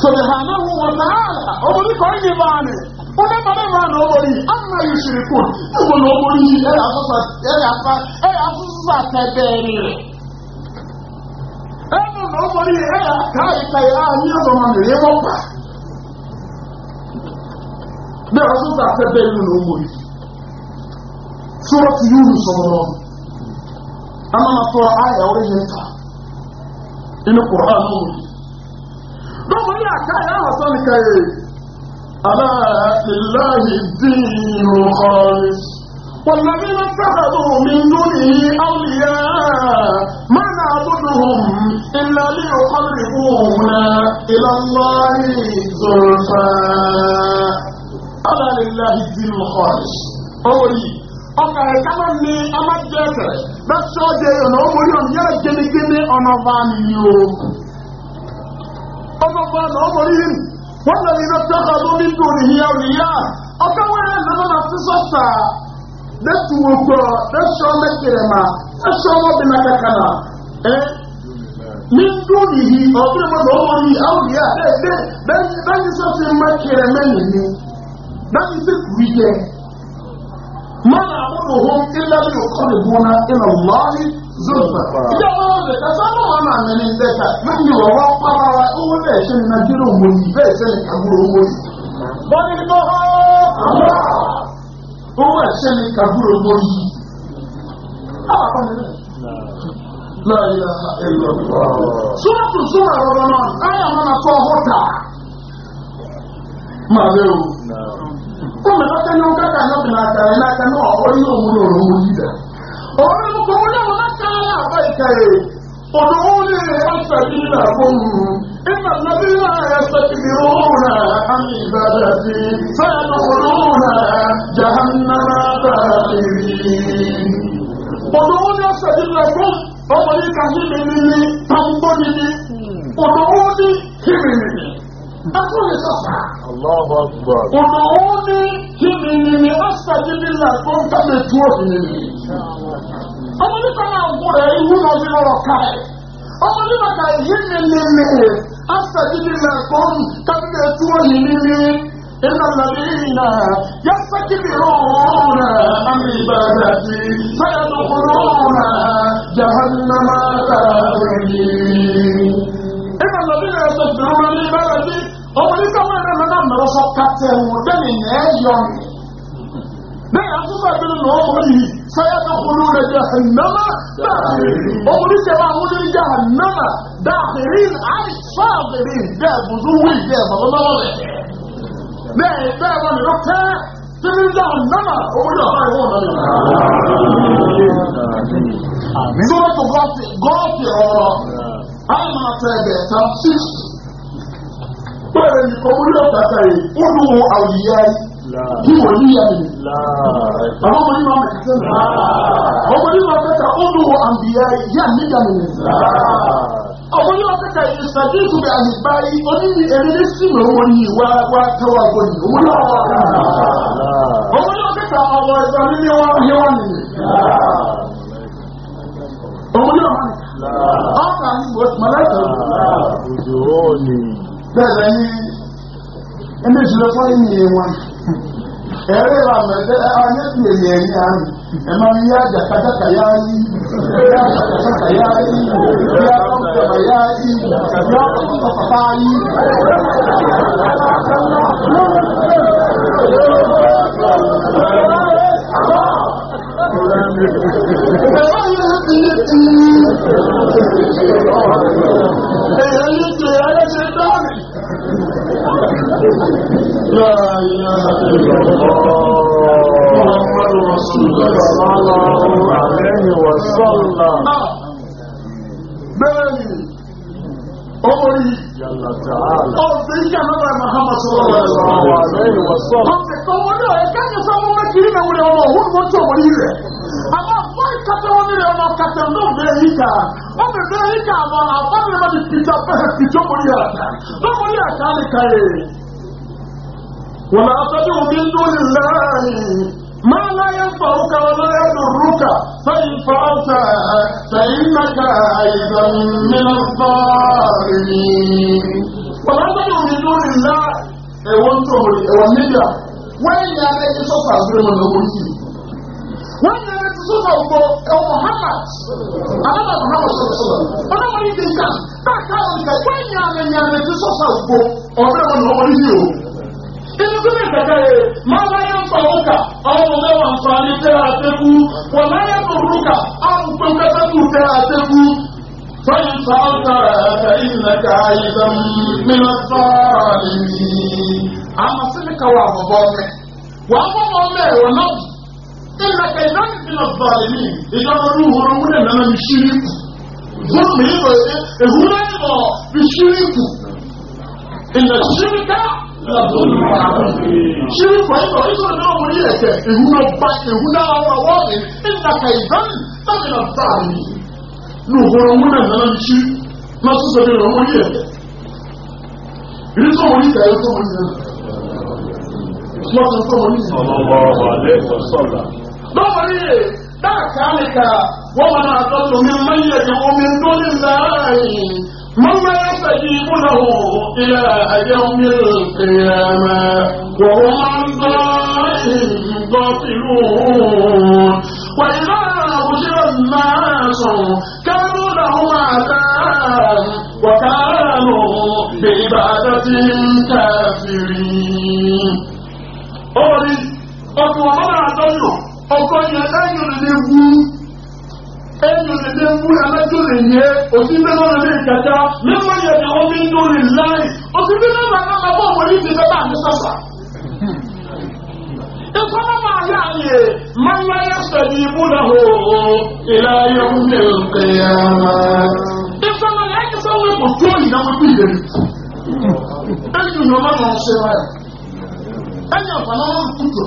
subhanahu wa ta'ala obori ko yi bani ma no obori amma yushriku ko no obori e asosa e afa e asosa ta beri e mo no obori e ka ita ya ni o ma me ye pa de asosa ta beri no obori amma to aya ta qur'an dọ́kùn ní àká ìyá àwọ̀sán ní kẹrẹ aláàlìláàrí dín ọkọ̀ọ̀rẹ́ pọ̀lọ́bí ló sáàrù mi lórí áwùyá mọ́nà àbúdùhùn ìlàlẹ́ ọkọ̀rẹ́ fúnà ìlàláàrí zọ̀rọ̀fà aláàlìláàrí dín ọkọ̀ọ̀rẹ́ ọwọ́rì ọkà ìkáwọ́ ni a máa jẹ́ ẹ̀fẹ̀ bẹ́ẹ̀ sọ́ọ́dẹ̀ ọ̀nà ọmọ orí ọ̀nà yẹ́ ọgbọ̀gbọ̀n àwọn ọmọ rí hìn wọ́n lọ ní lọ́tọ́ ọdún ní ìdòrò ìyá òníyá ọkọ̀ wẹ́rẹ́ lọ́nà náà fi sọ́tà lẹ́tù òkò lẹ́sọ̀ mẹ́kẹ̀rẹ̀ mà lẹ́sọ̀ ọmọbìn náà kàkàrà ẹ́ ní ìdòrò ìhì ọ̀gbìn mọ́tò ọmọ rí àwòrán bẹ́ẹ̀ bẹ́ẹ̀ sọ́tì mẹ́kẹ̀rẹ̀ mẹ́yìn ni bẹ́ẹ̀ sì kù yẹ mọ́nà àbúrò zurfa ìjọ ọmọ rẹ kẹsàn án wọn máa mẹni ndẹta lóyún ọwọ pápá wa owó bẹẹ ṣe ni nàìjíríà òmò yìí bẹẹ ṣe ni kàbúrò owó yìí. ní bọ́ọ̀ owó ẹ̀ṣẹ́ ni kàbúrò owó yìí. àwọn akọni rẹ láyé ẹ̀rọ súnmọ́tò súnmọ́ ẹ̀rọ náà láyé àwọn akọ ọ̀hún ta máa bẹ o. fún mi lọ́kẹ́ ní ó kẹ́kẹ́ àyọ̀kẹ́ náà kẹ́rẹ́ náà kẹ́ كي ادعوني أستجيب لكم إن الذين يستكبرون عن عبادتي سيدخلون جهنم داخلين ادعوني أستجيب لكم أولي كهيمني تنبني ادعوني هيمني أقول سسا الله أكبر ادعوني هيمني أستجيب لكم كما توهمني أولي كما أقول ọ̀rọ̀ káyẹ̀ ọmọ nígbà ká yí ni mímí asàdídì náà kún kábíyà tí wọ́n yí mímí iná lọ́dí iná yẹ sẹ́kìlì rọ̀rùn àmì ìbàdà sí fẹ́yà tó kúrò rà jahannama tààrí. iná lọ́dí iná ẹ̀sọ́ tó rọ̀ ní ìbàdà sí ọmọ nígbà wọn ẹ̀rọ náà mẹ́rọ sọ kàtẹ́wò dẹ́ni nẹ́ẹ̀yọ̀ mi. bẹ́ẹ̀ àtúntò àgbẹ̀rẹ̀ lọ́wọ́ yìí. سيدخلون جهنم داخرين هم لسه معمول جهنم داخرين اي صابرين ده بزوي ده بابا ما بقى من ركعه سمين جهنم اقول له هاي هون سورة غافر غافر هاي ما تابعتها 60 بقى اللي قولوا لك ايه قولوا اوليائي bí wọ́n ní yẹn ni àwọn ọmọ yìí wọ́n mọ̀ kẹsẹ̀ nù ọmọ yìí wọ́n kẹta ọdún wọ àǹbíyá yẹn ní yẹn ni ọmọ yìí wọ́n kẹta ìsàdé tó bẹ àyè báyìí oníbi èrè ní sínú owó yìí wá wá tẹ́wọ́ àgbo yìí owó náà wà kàn ọmọ yìí wọ́n kẹta ọwọ́ ẹ̀sán ní ni wọ́n yẹ wọ́n nìyí ọmọ yìí wọ́n ọ̀tà ni mo ti mọ̀ lẹ́tọ̀ọ́ bẹ́ẹ̀ lẹ́yìn ẹni ìṣúná fọ́ ẹ̀rẹ́ ìwà mẹ́tẹ́ ayé ti èyí ẹ̀yìn àárín ẹ̀ma ní yá jàkàjàkà yá yí yá jàkàjàkà yá yí yá ọ̀pọ̀lọpọ̀ yá yí yá ọ̀pọ̀lọpọ̀ pàpà yí. Ẹ̀yẹ́ yìí ti yé ti. Ẹ̀yẹ́ yìí لا إله إلا الله محمد رسول الله صلى الله عليه وسلم بني أمري جل تعالى أرضي كان محمد صلى الله عليه وسلم أنت قولنا كان يسمى مكينا ولو هو المتوى ليه kata wọn ni ọmọ kata ní ọmọ èyí ká ọmọ èyí èyí ká àmọ àbábìrì máa di pìtà bẹ́ẹ̀ No ọmọdé àká lọ́mọdé àká ni ká yẹ. wọn àtọ́jú omi ń dún nílẹ̀ máa láyé fàrúkà wọn láyé lòrúkà fẹ́yìn fàrúkà fẹ́yìn mẹ́ta àìsàn mìíràn fọ́ọ̀rì. wọn àtọ́jú omi ń dún nílẹ̀ ẹ̀wọ̀n tó ẹ̀wọ̀n nígbà wọ́n yẹn ní sọ́kà àgbẹ̀rẹ̀ wọn lọ́wọ́ yìí wọ́n yẹn sunna ugbo ẹwọ muhammad alama muhammad فعلت فإنك عيبا من الظالمين. أما سنك وأبو بومي وأبو بومي ونبض إنك لم من الظالمين إجابة روح من أنا مشريك ظلم هنا إذا مشريك إن الشرك لظلم عظيم شريك وإذا إذا نعم ليك هنا بك هنا أولا إنك إذا من الظالمين نوح من أنا مشريك ما تصدر نعم ليك إذا مريك إذا مريك Lọ́sọ̀tọ̀ mọ̀ ní ìsọ̀lọ́wọ́ àlẹ́ ìsọ̀lá. lọ́wọ́rí dáàkánìkà wọ́n wọn àtọ́tò mi mẹ́yẹ̀ ní omi tó ní láàáyìn mọ́mọ́ ma yìí kúnlẹ̀ hù ilẹ̀ ayé na ìrẹ̀mẹ̀ wọ́n máa ń gbọ́ ìgbọ́ tìlú wọ́n ilá àbúṣírẹ̀ máa ọgọ́nyà ẹ̀yùn lè wú ẹ̀yùn lè wú ẹ̀mẹ́jọ́ lè yẹ òsínbẹ́ lọ́nà lè jẹta lẹ́wọ́n yẹ ni wọ́n fi ń lórí láì òsínbẹ́ lọ́nà lọ́nà bọ́ wọlé ti bẹ́ẹ̀ bá mi sọ̀sà. ìfọwọ́mọ ayé àyè máa ń wáyé sẹ̀dí ibú náà hó ilé ayé ń lè pè é ara. ìfọwọ́mọ ayé sọ̀rọ̀ kò tó ìyàwó bí ìlérí. ẹ̀yùn ni wọ́n máa ń ṣe wáyà ẹ̀yìn ọ̀pọ̀ náà wọ́n kú jọ.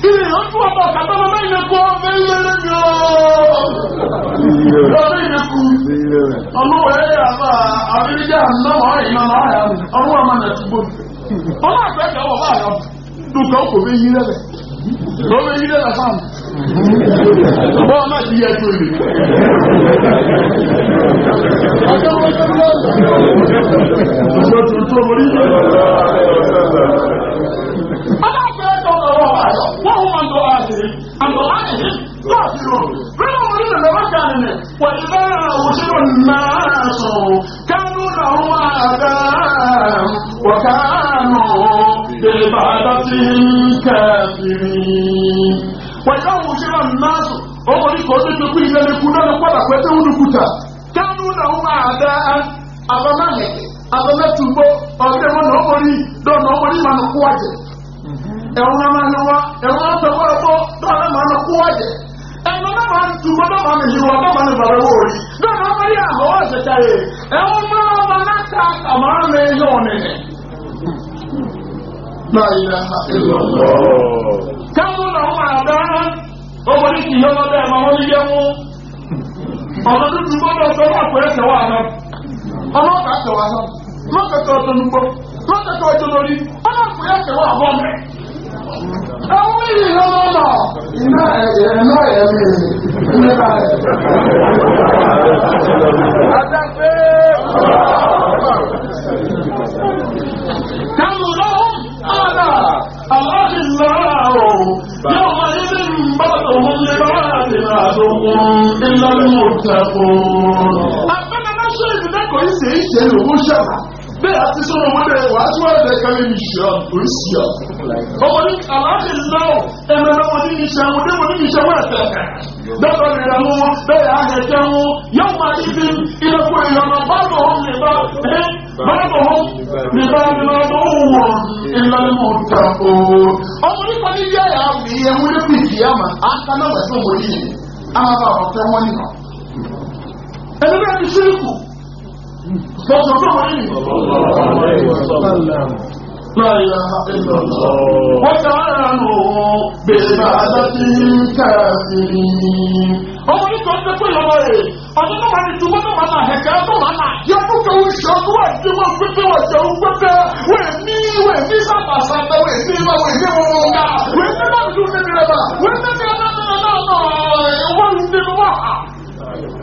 e ojú ọmọ kàtọ́ ọmọ mẹ́rin kú ọmọ ìlẹ́rẹ́ ni ọ̀ọ́ ọmọ ìlẹ́ kú ọlọ́wọ́ ẹ̀yà bá abirijà lọ́wọ́ ìmọ̀ máa وهم عن دعائهم عن دعائهم غافلون فلما ولد لمكانهم وإذا وزنوا الناس كانوا لهم أعداء وكانوا بعبادتهم كافرين وإذا وزن الناس أولي كودي تقول إذا لكنا نقول أخوته ونكتا كانوا لهم أعداء أظلمه أظلمه تبو أظلمه نقولي دون نقولي ما نقواجه ẹ̀rọ náà máa ń wá ẹ̀rọ náà tẹ̀wọ́ ẹ̀kọ́ náà náà máa ń kó wájẹ̀ ẹ̀rọ náà máa ń túbọ̀ náà máa ń yí wọn náà máa ń bàrẹ̀ wò rí náà máa máa yà àmọ́ wọ́n ṣẹ̀ṣẹ̀ yẹ ẹ̀rọ náà máa ń ta àmọ́ mi yọ ọ̀nẹ̀nẹ̀. káwọn náà máa dá owó ní kìí ọmọ bẹ́ẹ̀ máa wọ́n yẹ mú ọ̀nà tuntun gbọ́dọ̀ sọ wà pé ẹsẹ̀ wà náà ọmọ kà á tẹ̀ wà náà lọ́kẹ̀kẹ̀ ọ̀tọ̀ nùgbọ́ lọ́kẹ̀kẹ̀ ọ̀tọ̀ lórí ọmọ kò yẹ ẹsẹ̀ wà bọ́ mẹ́. Àwọn ènìyàn lọ́wọ́ náà, iná ẹ̀jẹ̀ náà yẹ mi nípa ẹ̀. Adágbé! Kánú lọ́wọ́ ààrà, àwọn ti lọ́wọ́ àwọ̀, yóò máa ní bí ń bá òun ní bá àti àdókùn ìlànà òtẹ̀kùn. Àbẹ́lẹ̀ náà ṣe ìdílé kò í ṣe é ṣe lòkú ṣẹ̀wá láti sọ̀rọ̀ wọn dẹ̀ wá sí wà dẹ̀ kẹ́lẹ́ ní ìṣẹ́ oríṣi ọ̀. ọmọ ní aláàbí náà ẹ̀rọ náà wọ́n ní ìṣẹ́ wọn dé wọ́n ní ìṣẹ́ wọn ẹ̀fẹ̀ kà. dọ́kọ̀ rẹ̀ mú wọn bẹ́ẹ̀ àhẹ̀jẹ̀ wọn yóò máa ibi ìlẹ̀kùn ìlànà báàbò wọn lè bá ẹ́ báàbò wọn lè bá ẹ́ lọ bó wọn ìlànà ọ̀tà o. ọmọ nípa ní yẹ́yà mi وكانوا بعبادة كافرين ọmọ yìí kan tẹ́ pé lọ́wọ́ rẹ̀ ọdún náà wà ní tí wọ́n náà wà náà hẹ̀kẹ́ tó wà náà yọdún kan ń ṣe ọdún wà ní wọ́n pépé wà jẹ́ òun pépé wẹ̀ ní wẹ̀ ní sábà sábà wẹ̀ ní ìmọ̀ wẹ̀ ní wọn wọn ká wẹ̀ ní náà dùn ní mi rẹ̀ bá wẹ̀ ní mi rẹ̀ náà náà náà náà wọ́n ń dín wọ́n hà.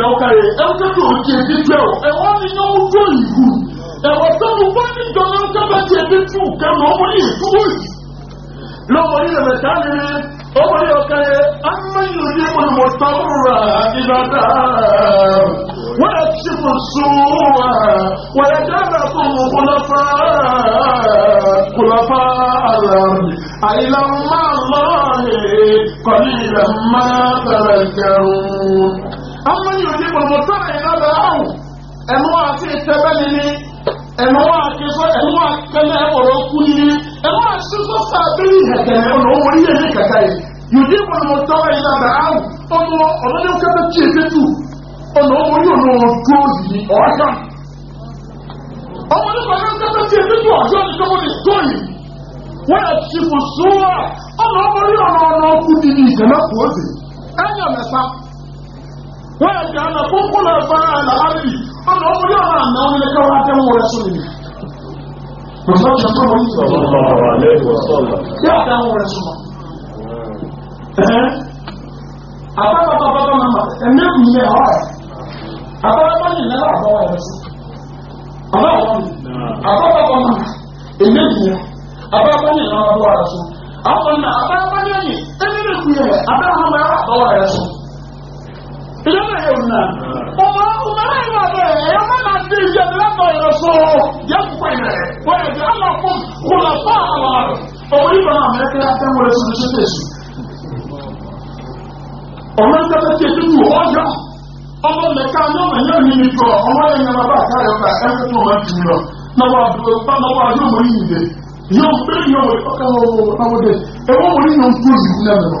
na ọka yẹ ẹnka na ọjẹ ebi tẹ ọ ẹwọ ni yẹn wọn tọ ìlú ẹwọ sọmọ wọn ni jọ náà ká bá ti ebi tú ká na ọmọ yẹ tú yìí lọ mẹta ni ọmọ yẹ ọka yẹ ama yìí lórí ẹmọ ni mo ta ọrọ ìdàdà wọn ti mo sùn wà wọn yà dára fún mi kọlọfà kọlọfà àlàmì mọ̀mọ́tọ́rọ̀ iná bẹ̀ áwù ẹnu àti ìtẹ́bẹ́ nínú ẹnu àkẹsọ ẹnu àkẹlẹ ọ̀rọ̀ kú nínú ẹnu àṣìṣọ́ sàbẹ̀lì hẹ̀kẹ̀ ọ̀nà owó yẹ̀ ní na yìí yòdì mọ̀mọ́tọ́rọ̀ iná bẹ̀ áwù ọ̀nà ọ̀nà ní kẹta tí èdè tù ọ̀nà owó yẹ̀ ọ̀nà tó yìí ọ̀ọ́jà ọmọ tí ní ní yà kò ويجعل خلفاء الأرض أنا أقول يا رب أنا أقول لك وأتم ورسولي وصلى الله عليه وسلم يا أتم ورسولي أبدا بابا ماما أنا من يا هاي أبدا بني لا أبغى يا رسول أبدا أبدا بابا ماما أنا من يا أبدا بني لا أبغى يا رسول أبدا أبدا بني أنا من يا أبدا هم يا أبغى يا رسول ìjọba yẹn nà ọmọ ọmọ náà yẹn wà bẹ́ẹ̀ ẹ̀yọ́ máa nà dé ìjẹ́ ní lẹ́tọ̀ yẹn so yẹn kú pẹ̀lú ẹ̀ wọ́n yẹn ti ọmọ fún kúlọ̀ fún àwọn ọmọ yìí bá àwọn ẹ̀kẹ́ ẹ̀kẹ́ wọlé sunu sí tẹ̀sí. ọmọ ẹ̀kẹ́ ẹ̀kẹ́ tuntun wọ́n yọ ọmọ mẹ̀ká ní ọmọ yẹn ní ìjọ ọmọ yẹn yẹn bá àkáyọ̀ bá ẹ̀kẹ́ tó wọn ti lọ náwó àbúrò bá náwó àdúgbò yìí dé yóò fẹ́ yóò ọkọ̀ ọmọ ọmọdé ẹ̀wọ́n wọlé yóò fún ìlú náà lọ.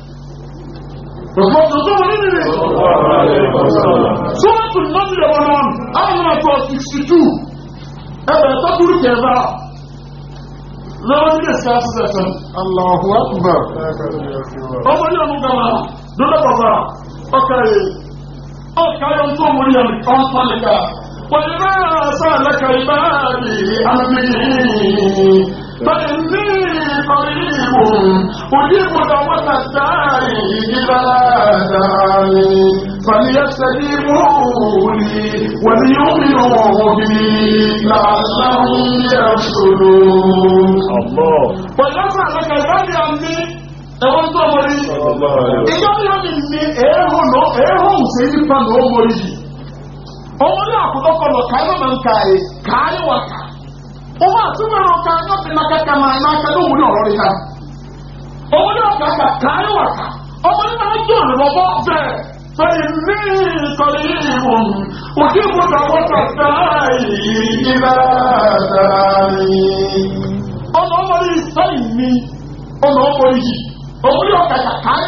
Sọ́ọ̀tù lọ́dún ẹ̀wọ̀n náà, àwọn ọmọ ọ̀tọ̀ 62, ẹ̀bẹ̀ tọ́kùrù kẹfà, lọ́wọ́n ní ẹ̀sẹ̀ àṣìṣẹ́sẹ̀. Allahu Akbar. Ọmọ ní ọmọ gbàmà, lọ́dọ̀ bàbá, ọkàrẹ̀, ọkàrẹ̀ ń tó mú ní ọmọ kan pálíkà. Wọ́n ní bá sáà lẹ́kàá ibà rí àmì قريب أجيب دعوة الداعي إذا دعاني فليستجيبوا لي وليؤمنوا بي لعلهم يرشدون الله لك ذلك عني ẹwọ́n tó mọ̀rí ìjọ́bíọ́ ni ní ẹ̀hùn ló ẹ̀hùn sí nípa ló mọ̀rí yìí ọmọdé àkùtọ́kọ̀ lọ káyọ̀ máa ń ka ẹ̀ káyọ̀ wà ká owó àtúmọ̀ àwọn ọ̀ka yóò fi máa kẹ́kẹ́ máa máa kẹ́ lóhùn ní ọ̀rọ̀ rẹ̀ owó ní ọ̀ka kà ká ní wà ká ọmọ ní máa jọ ọ̀nà bọ́ bẹ́ẹ̀ fẹ́yìn ní ìkọlẹ̀ ìwọ̀n òkè ìbùdó àwọn tàtà ìlà àtàrí. ọmọ ọmọ yìí sẹ́yìn mi ọmọ ọmọ yìí owó ní ọ̀ka kà ká ní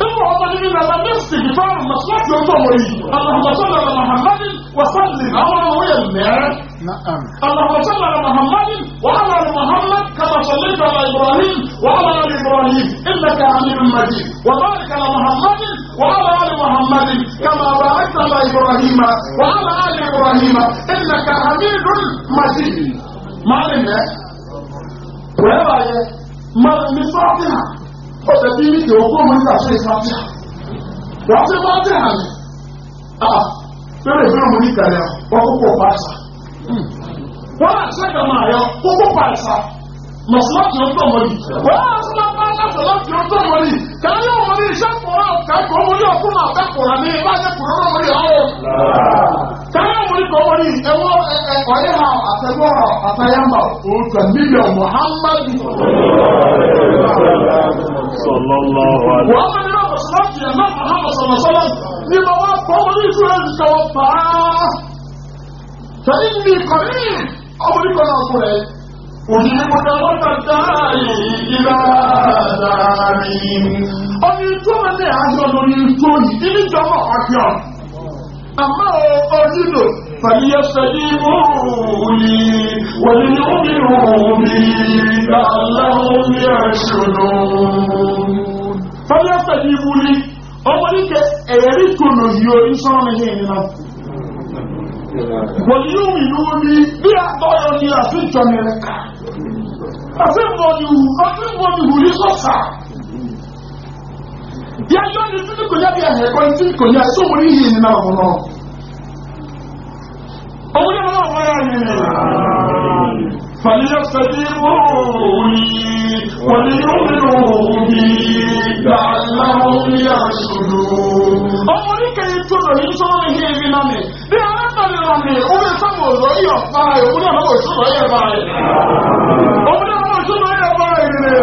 ثم أطلب الناس نفس دفاع مصلحة الأموي اللهم صل على محمد وسلم أمر ويمنع نعم اللهم صل على محمد وعلى محمد كما صليت على إبراهيم وعلى آل إبراهيم إنك حميد مجيد وبارك على محمد وعلى آل محمد كما باركت على إبراهيم وعلى آل إبراهيم إنك حميد مجيد معلم علمنا ويبقى ما من صاحبها ọ̀sẹ̀ tí ní kìí ogún omi nígbà tó lè máa tẹ̀ wà á fẹ́ máa tẹ̀ àmì àà fẹ́rẹ̀ ìfẹ́ omi nígbà yẹn wọ́n kókó pàṣà wọ́n á sẹ́kà máa yọ kókó pàṣà mọ̀sálásì ọ̀tọ̀ mọ́lì wọ́n á sọ́kà pàṣà sọ̀lásì ọ̀tọ̀ mọ́lì kàlẹ́ ọmọdé iṣẹ́ kọ̀ọ̀rọ̀ kàkọ́ ọmọdé ọkùnrin àtàkùnrin ní ìbáṣepọ̀ muri ko muri ewo ọyẹ ha atẹgbọ ha atayamba otu million muhammadu. sallallahu alaihi wa sallam. wọ́n mẹ́rin náà wọ́n sọ́ọ́ tiẹ̀ náà muhammad sọ̀rọ̀sọ́lá ní ma wá kọ́ wọ́n ní ìṣúra ìṣúra wọn pàá. sẹ́yìn ní kọ́rí ọmọdé kan náà fún ẹ. Òyìnbó wọn tàdáyé ìlà àdáyé. Ọ̀nà ìjọba ní àjọ lórí ìjọ yìí, ilé ìjọba ọ̀kẹ́ ọ̀nà àmọ́ ọ nílò fàyíyá sẹ́yí òòlì wọ̀lì ní omi òòlì aláwọ̀ ní àṣùnà fàyíyá sẹ́yí wúlì ọmọ níkẹ ẹ̀rí tòlò yóò iṣẹ́ ọmọ yẹn nínú wọ̀lì yóò wì ní omi bí àtọ́yọ yàyọ ní títí kò yá bí ẹ̀hẹ̀ kọ́ títí kò yá sí òun yìí nínú àwọn ọmọ òun yẹn lọ́wọ́ wọ́n yà ní fàlíyà sẹ́dí wọ́n wọ́n ní yóò nínú òun yà ṣòro. ọmọ ní kẹyìn tó lọ yìí sọ́wọ́n ní yìí rí náà mi bí arákùnrin náà mi ó lè sábà ọ̀rọ̀ yìí ọ̀pá rẹ̀ òun náà lọ́wọ́ ìṣòro yẹ̀ báyìí. òun náà lọ́wọ́ ìṣòro yẹ̀ báyìí.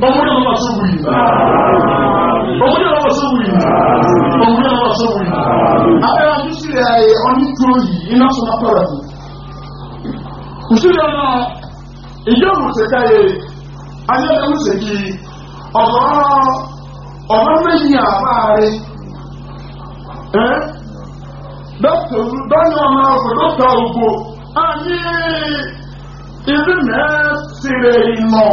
Bọ́múdé lọ́wọ́ sí wùí. Bọ́múdé lọ́wọ́ sí wùí. Bọ́múdé lọ́wọ́ sí wùí. Abẹ́rẹ́ àti sílẹ̀ ayé ọdún dúró yìí iná sọ máa pẹ̀rẹ̀ fún. Òṣìṣẹ́ náà ìjọ òṣèkà yẹ ayélujára òṣèkì ọ̀rọ̀ ọ̀rọ̀ méjì àbáre. Dọ́kítà ọmọ ọ̀gbọ̀n dọ́kítà ògbò àní ìlú mẹ́ẹ̀ẹ́sì ìmọ̀.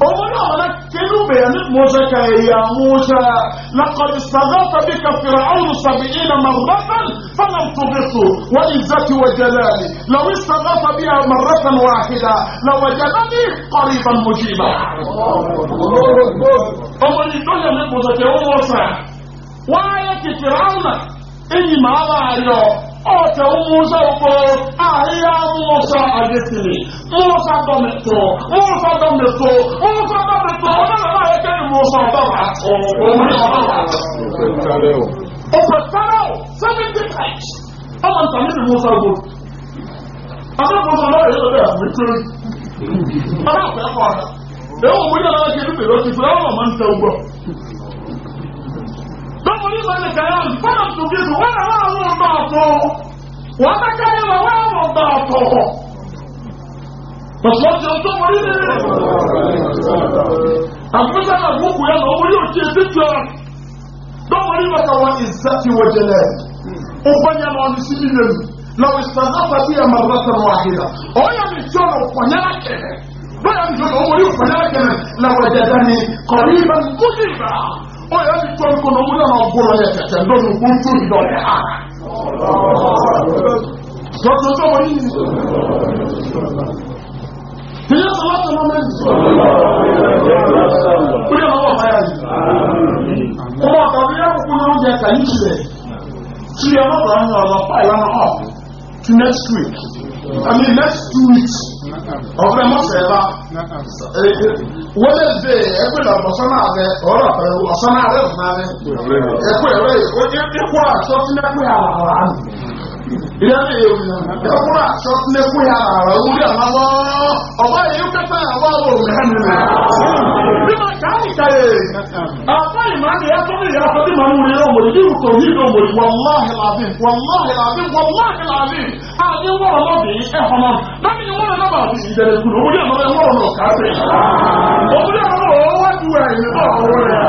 موسى يا موسى لقد استغاث بك فرعون سبعين مرة فلم تغيث وعزتي وجلالي لو استغاث بها مرة واحدة لوجدني قريبا مجيبا ومن الدنيا موسى يا موسى وآية فرعون إني ما أعلم ọ̀tẹ̀ Musa ugbo ahịhịa Musa adịsịrị Musa dọmịtụ Musa dọmịtụ Musa dọmịtụ ọdọ na ya kere Musa ọdọ atụ opetara o seventy times ọmọ nta mi ni Musa ugbo ọdọ Musa náà yẹ ọdọ ẹfọ ìtúrẹ ọdọ ọfẹ ẹfọ ọdọ ẹwọ mo yẹ ọdọ ẹfọ ìtúrẹ ọdọ ọmọ nta ugbo ọkùnrin kan lè gàrà fọ́nà tòkè tó wọ́n náà wọ́n wọ́n bá ọ̀tọ̀ wọ́n bá kárí wọn wọ́n wọ́n bá ọ̀tọ̀ pọ̀sọ́ ti ọjọ́ mọ́rí ní àfúnṣà náà wọ́n kù yẹn lọ orí òkè sí jọ dọ́wọ́rí bàtà wọn ìzá ti wọ jẹlẹ ó bọ́nyá náà ní síbí lẹ́nu lọ́wọ́ ìsànáfà bí ẹ̀ma rẹ̀ wà hìlá ọ̀yà mi jọ lọ pọ̀nyára kẹ̀rẹ̀ bọ́yà mi jọ lọ orí pọ̀nyára kẹ̀rẹ̀ làwọn ẹ̀jẹ̀ dání kọ̀rí ibà mú ó yẹ ti tó nínú ọmọdé náà gbóná yẹ tẹ̀tẹ̀ lónìí kó tó ìdọ̀ yẹ ha. Dọ́tun tó wọ́n yìí. Ìyá sọ láti ọmọ mẹ́rin. Ó yẹ lọ́wọ́ báyà yìí. Ọmọ àtàwọn ìyá kúkú náà ń jẹ ẹ̀ka yìí sílẹ̀. Sílẹ̀ ọmọ bàbá mi ọ̀rọ̀ pa ìlànà up to next week. I mean, let's do it. Ọ̀pẹ mọ́sẹ̀ bá. Wednesday ẹgbẹ́ náà ọ̀sán náà rẹ̀ ọ̀rọ̀ ọ̀sán náà rẹ̀ ọ̀sán náà rẹ̀. Ẹ̀kọ́ ẹ̀rọ ẹ̀kọ́ àṣọ tí lẹ́kọ́ yà rà rà nù. Ilé mi yẹ wuli Ẹ̀kọ́ àṣọ tí lẹ́kọ́ yà rà rà ìmáàmù yẹn tó ní ìyára sọ́dí màmú rẹ̀ lọ́wọ́ ìdí ìrùkọ̀ yìí ló mọ̀ wàláhì làbí wàláhì làbí wàláhì làbí àdé wọ́rọ̀ náà bì í ẹ̀họ́n náà lọ́mí ni wọ́rọ̀ náà bà bí ìdẹ̀rẹ̀ kùnú òmùdí àmọ́ ẹ̀ wọ́rọ̀ náà káàbẹ̀ òmùdí àmọ́ ọ̀rọ̀ wá ju ẹ̀ nípa ọ̀rọ̀ rẹ̀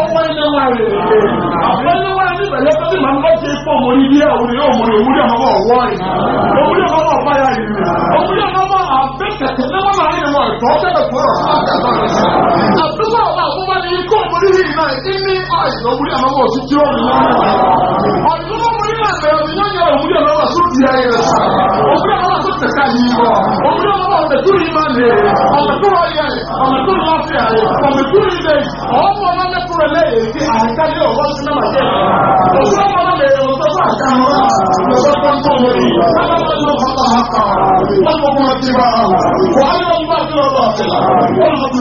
ọ̀pọ̀ ilé wa rẹ̀ àpọ̀ ilé wa ní ìbẹ̀lẹ̀ sọ́dí màmú bá ṣe pọ̀ mọ́ ibi àwòrán òmùdí òmùdí àmọ́ bá ọ̀wọ́ rẹ̀ òmùdí àmọ́ bá ọ̀pá yà rẹ̀ òmùdí àmọ́ bá àbẹ̀kẹ̀kẹ̀ ní wọ́n máa ń yẹ̀ wọ́n ẹ̀tọ́ tẹ́lẹ̀ fún ọ̀rọ̀ ìní àìsàn òmùrí àmọ́ sí tí ó rí ọ̀dùn òmùrí náà bẹ̀rẹ̀ ní yọ̀nyẹ̀ òmùrí àmọ́ sọ ti ayé rẹ̀ sọ òmùrí àmọ́ sọ عليه المنتصر وشق القبر فقد الحق حقا اللهم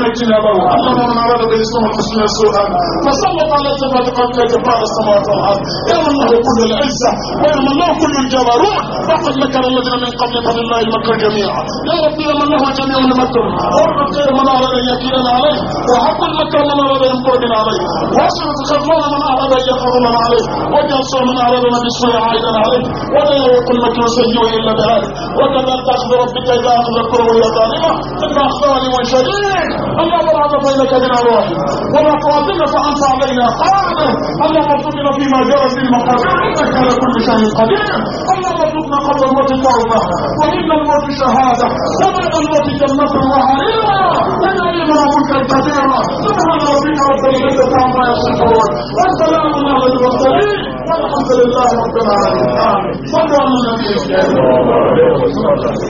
من اراد بالاسلام والمسلمين سوءا فسلط على سبعه قتل كفار السماوات والارض يرمه كل العزه ويرمه كل الجبروت فقد مكر الذين من قبلك لله المكر جميعا يا رب لمن له جميع المكر وارد خير من اراد ان يكيلنا عليه وحق المكر من اراد ان ينقلنا عليه واشرف خذلان من اراد ان يخذلنا عليه واجعل صوم من أرادنا بسوء عائدا عليه ولا يقل لك سيء إلا بهذا وكذلك تأخذ ربك إذا أخذ القرى وهي ظالمة إن أخذها لمن شديد ألا برعد بينك بنا واحد ولا قاتلنا فأنت علينا قادر ألا مرتبنا فيما جرى في المقابر إنك على كل شيء قدير ألا مرتبنا قبل الموت توبة وإن الموت شهادة وبعد الموت جنة وحريرة إن علمنا ملكا كبيرا سبحان ربك رب العزة عما يصفون والسلام على المرسلين الحمد لله رب العالمين صلوا على النبي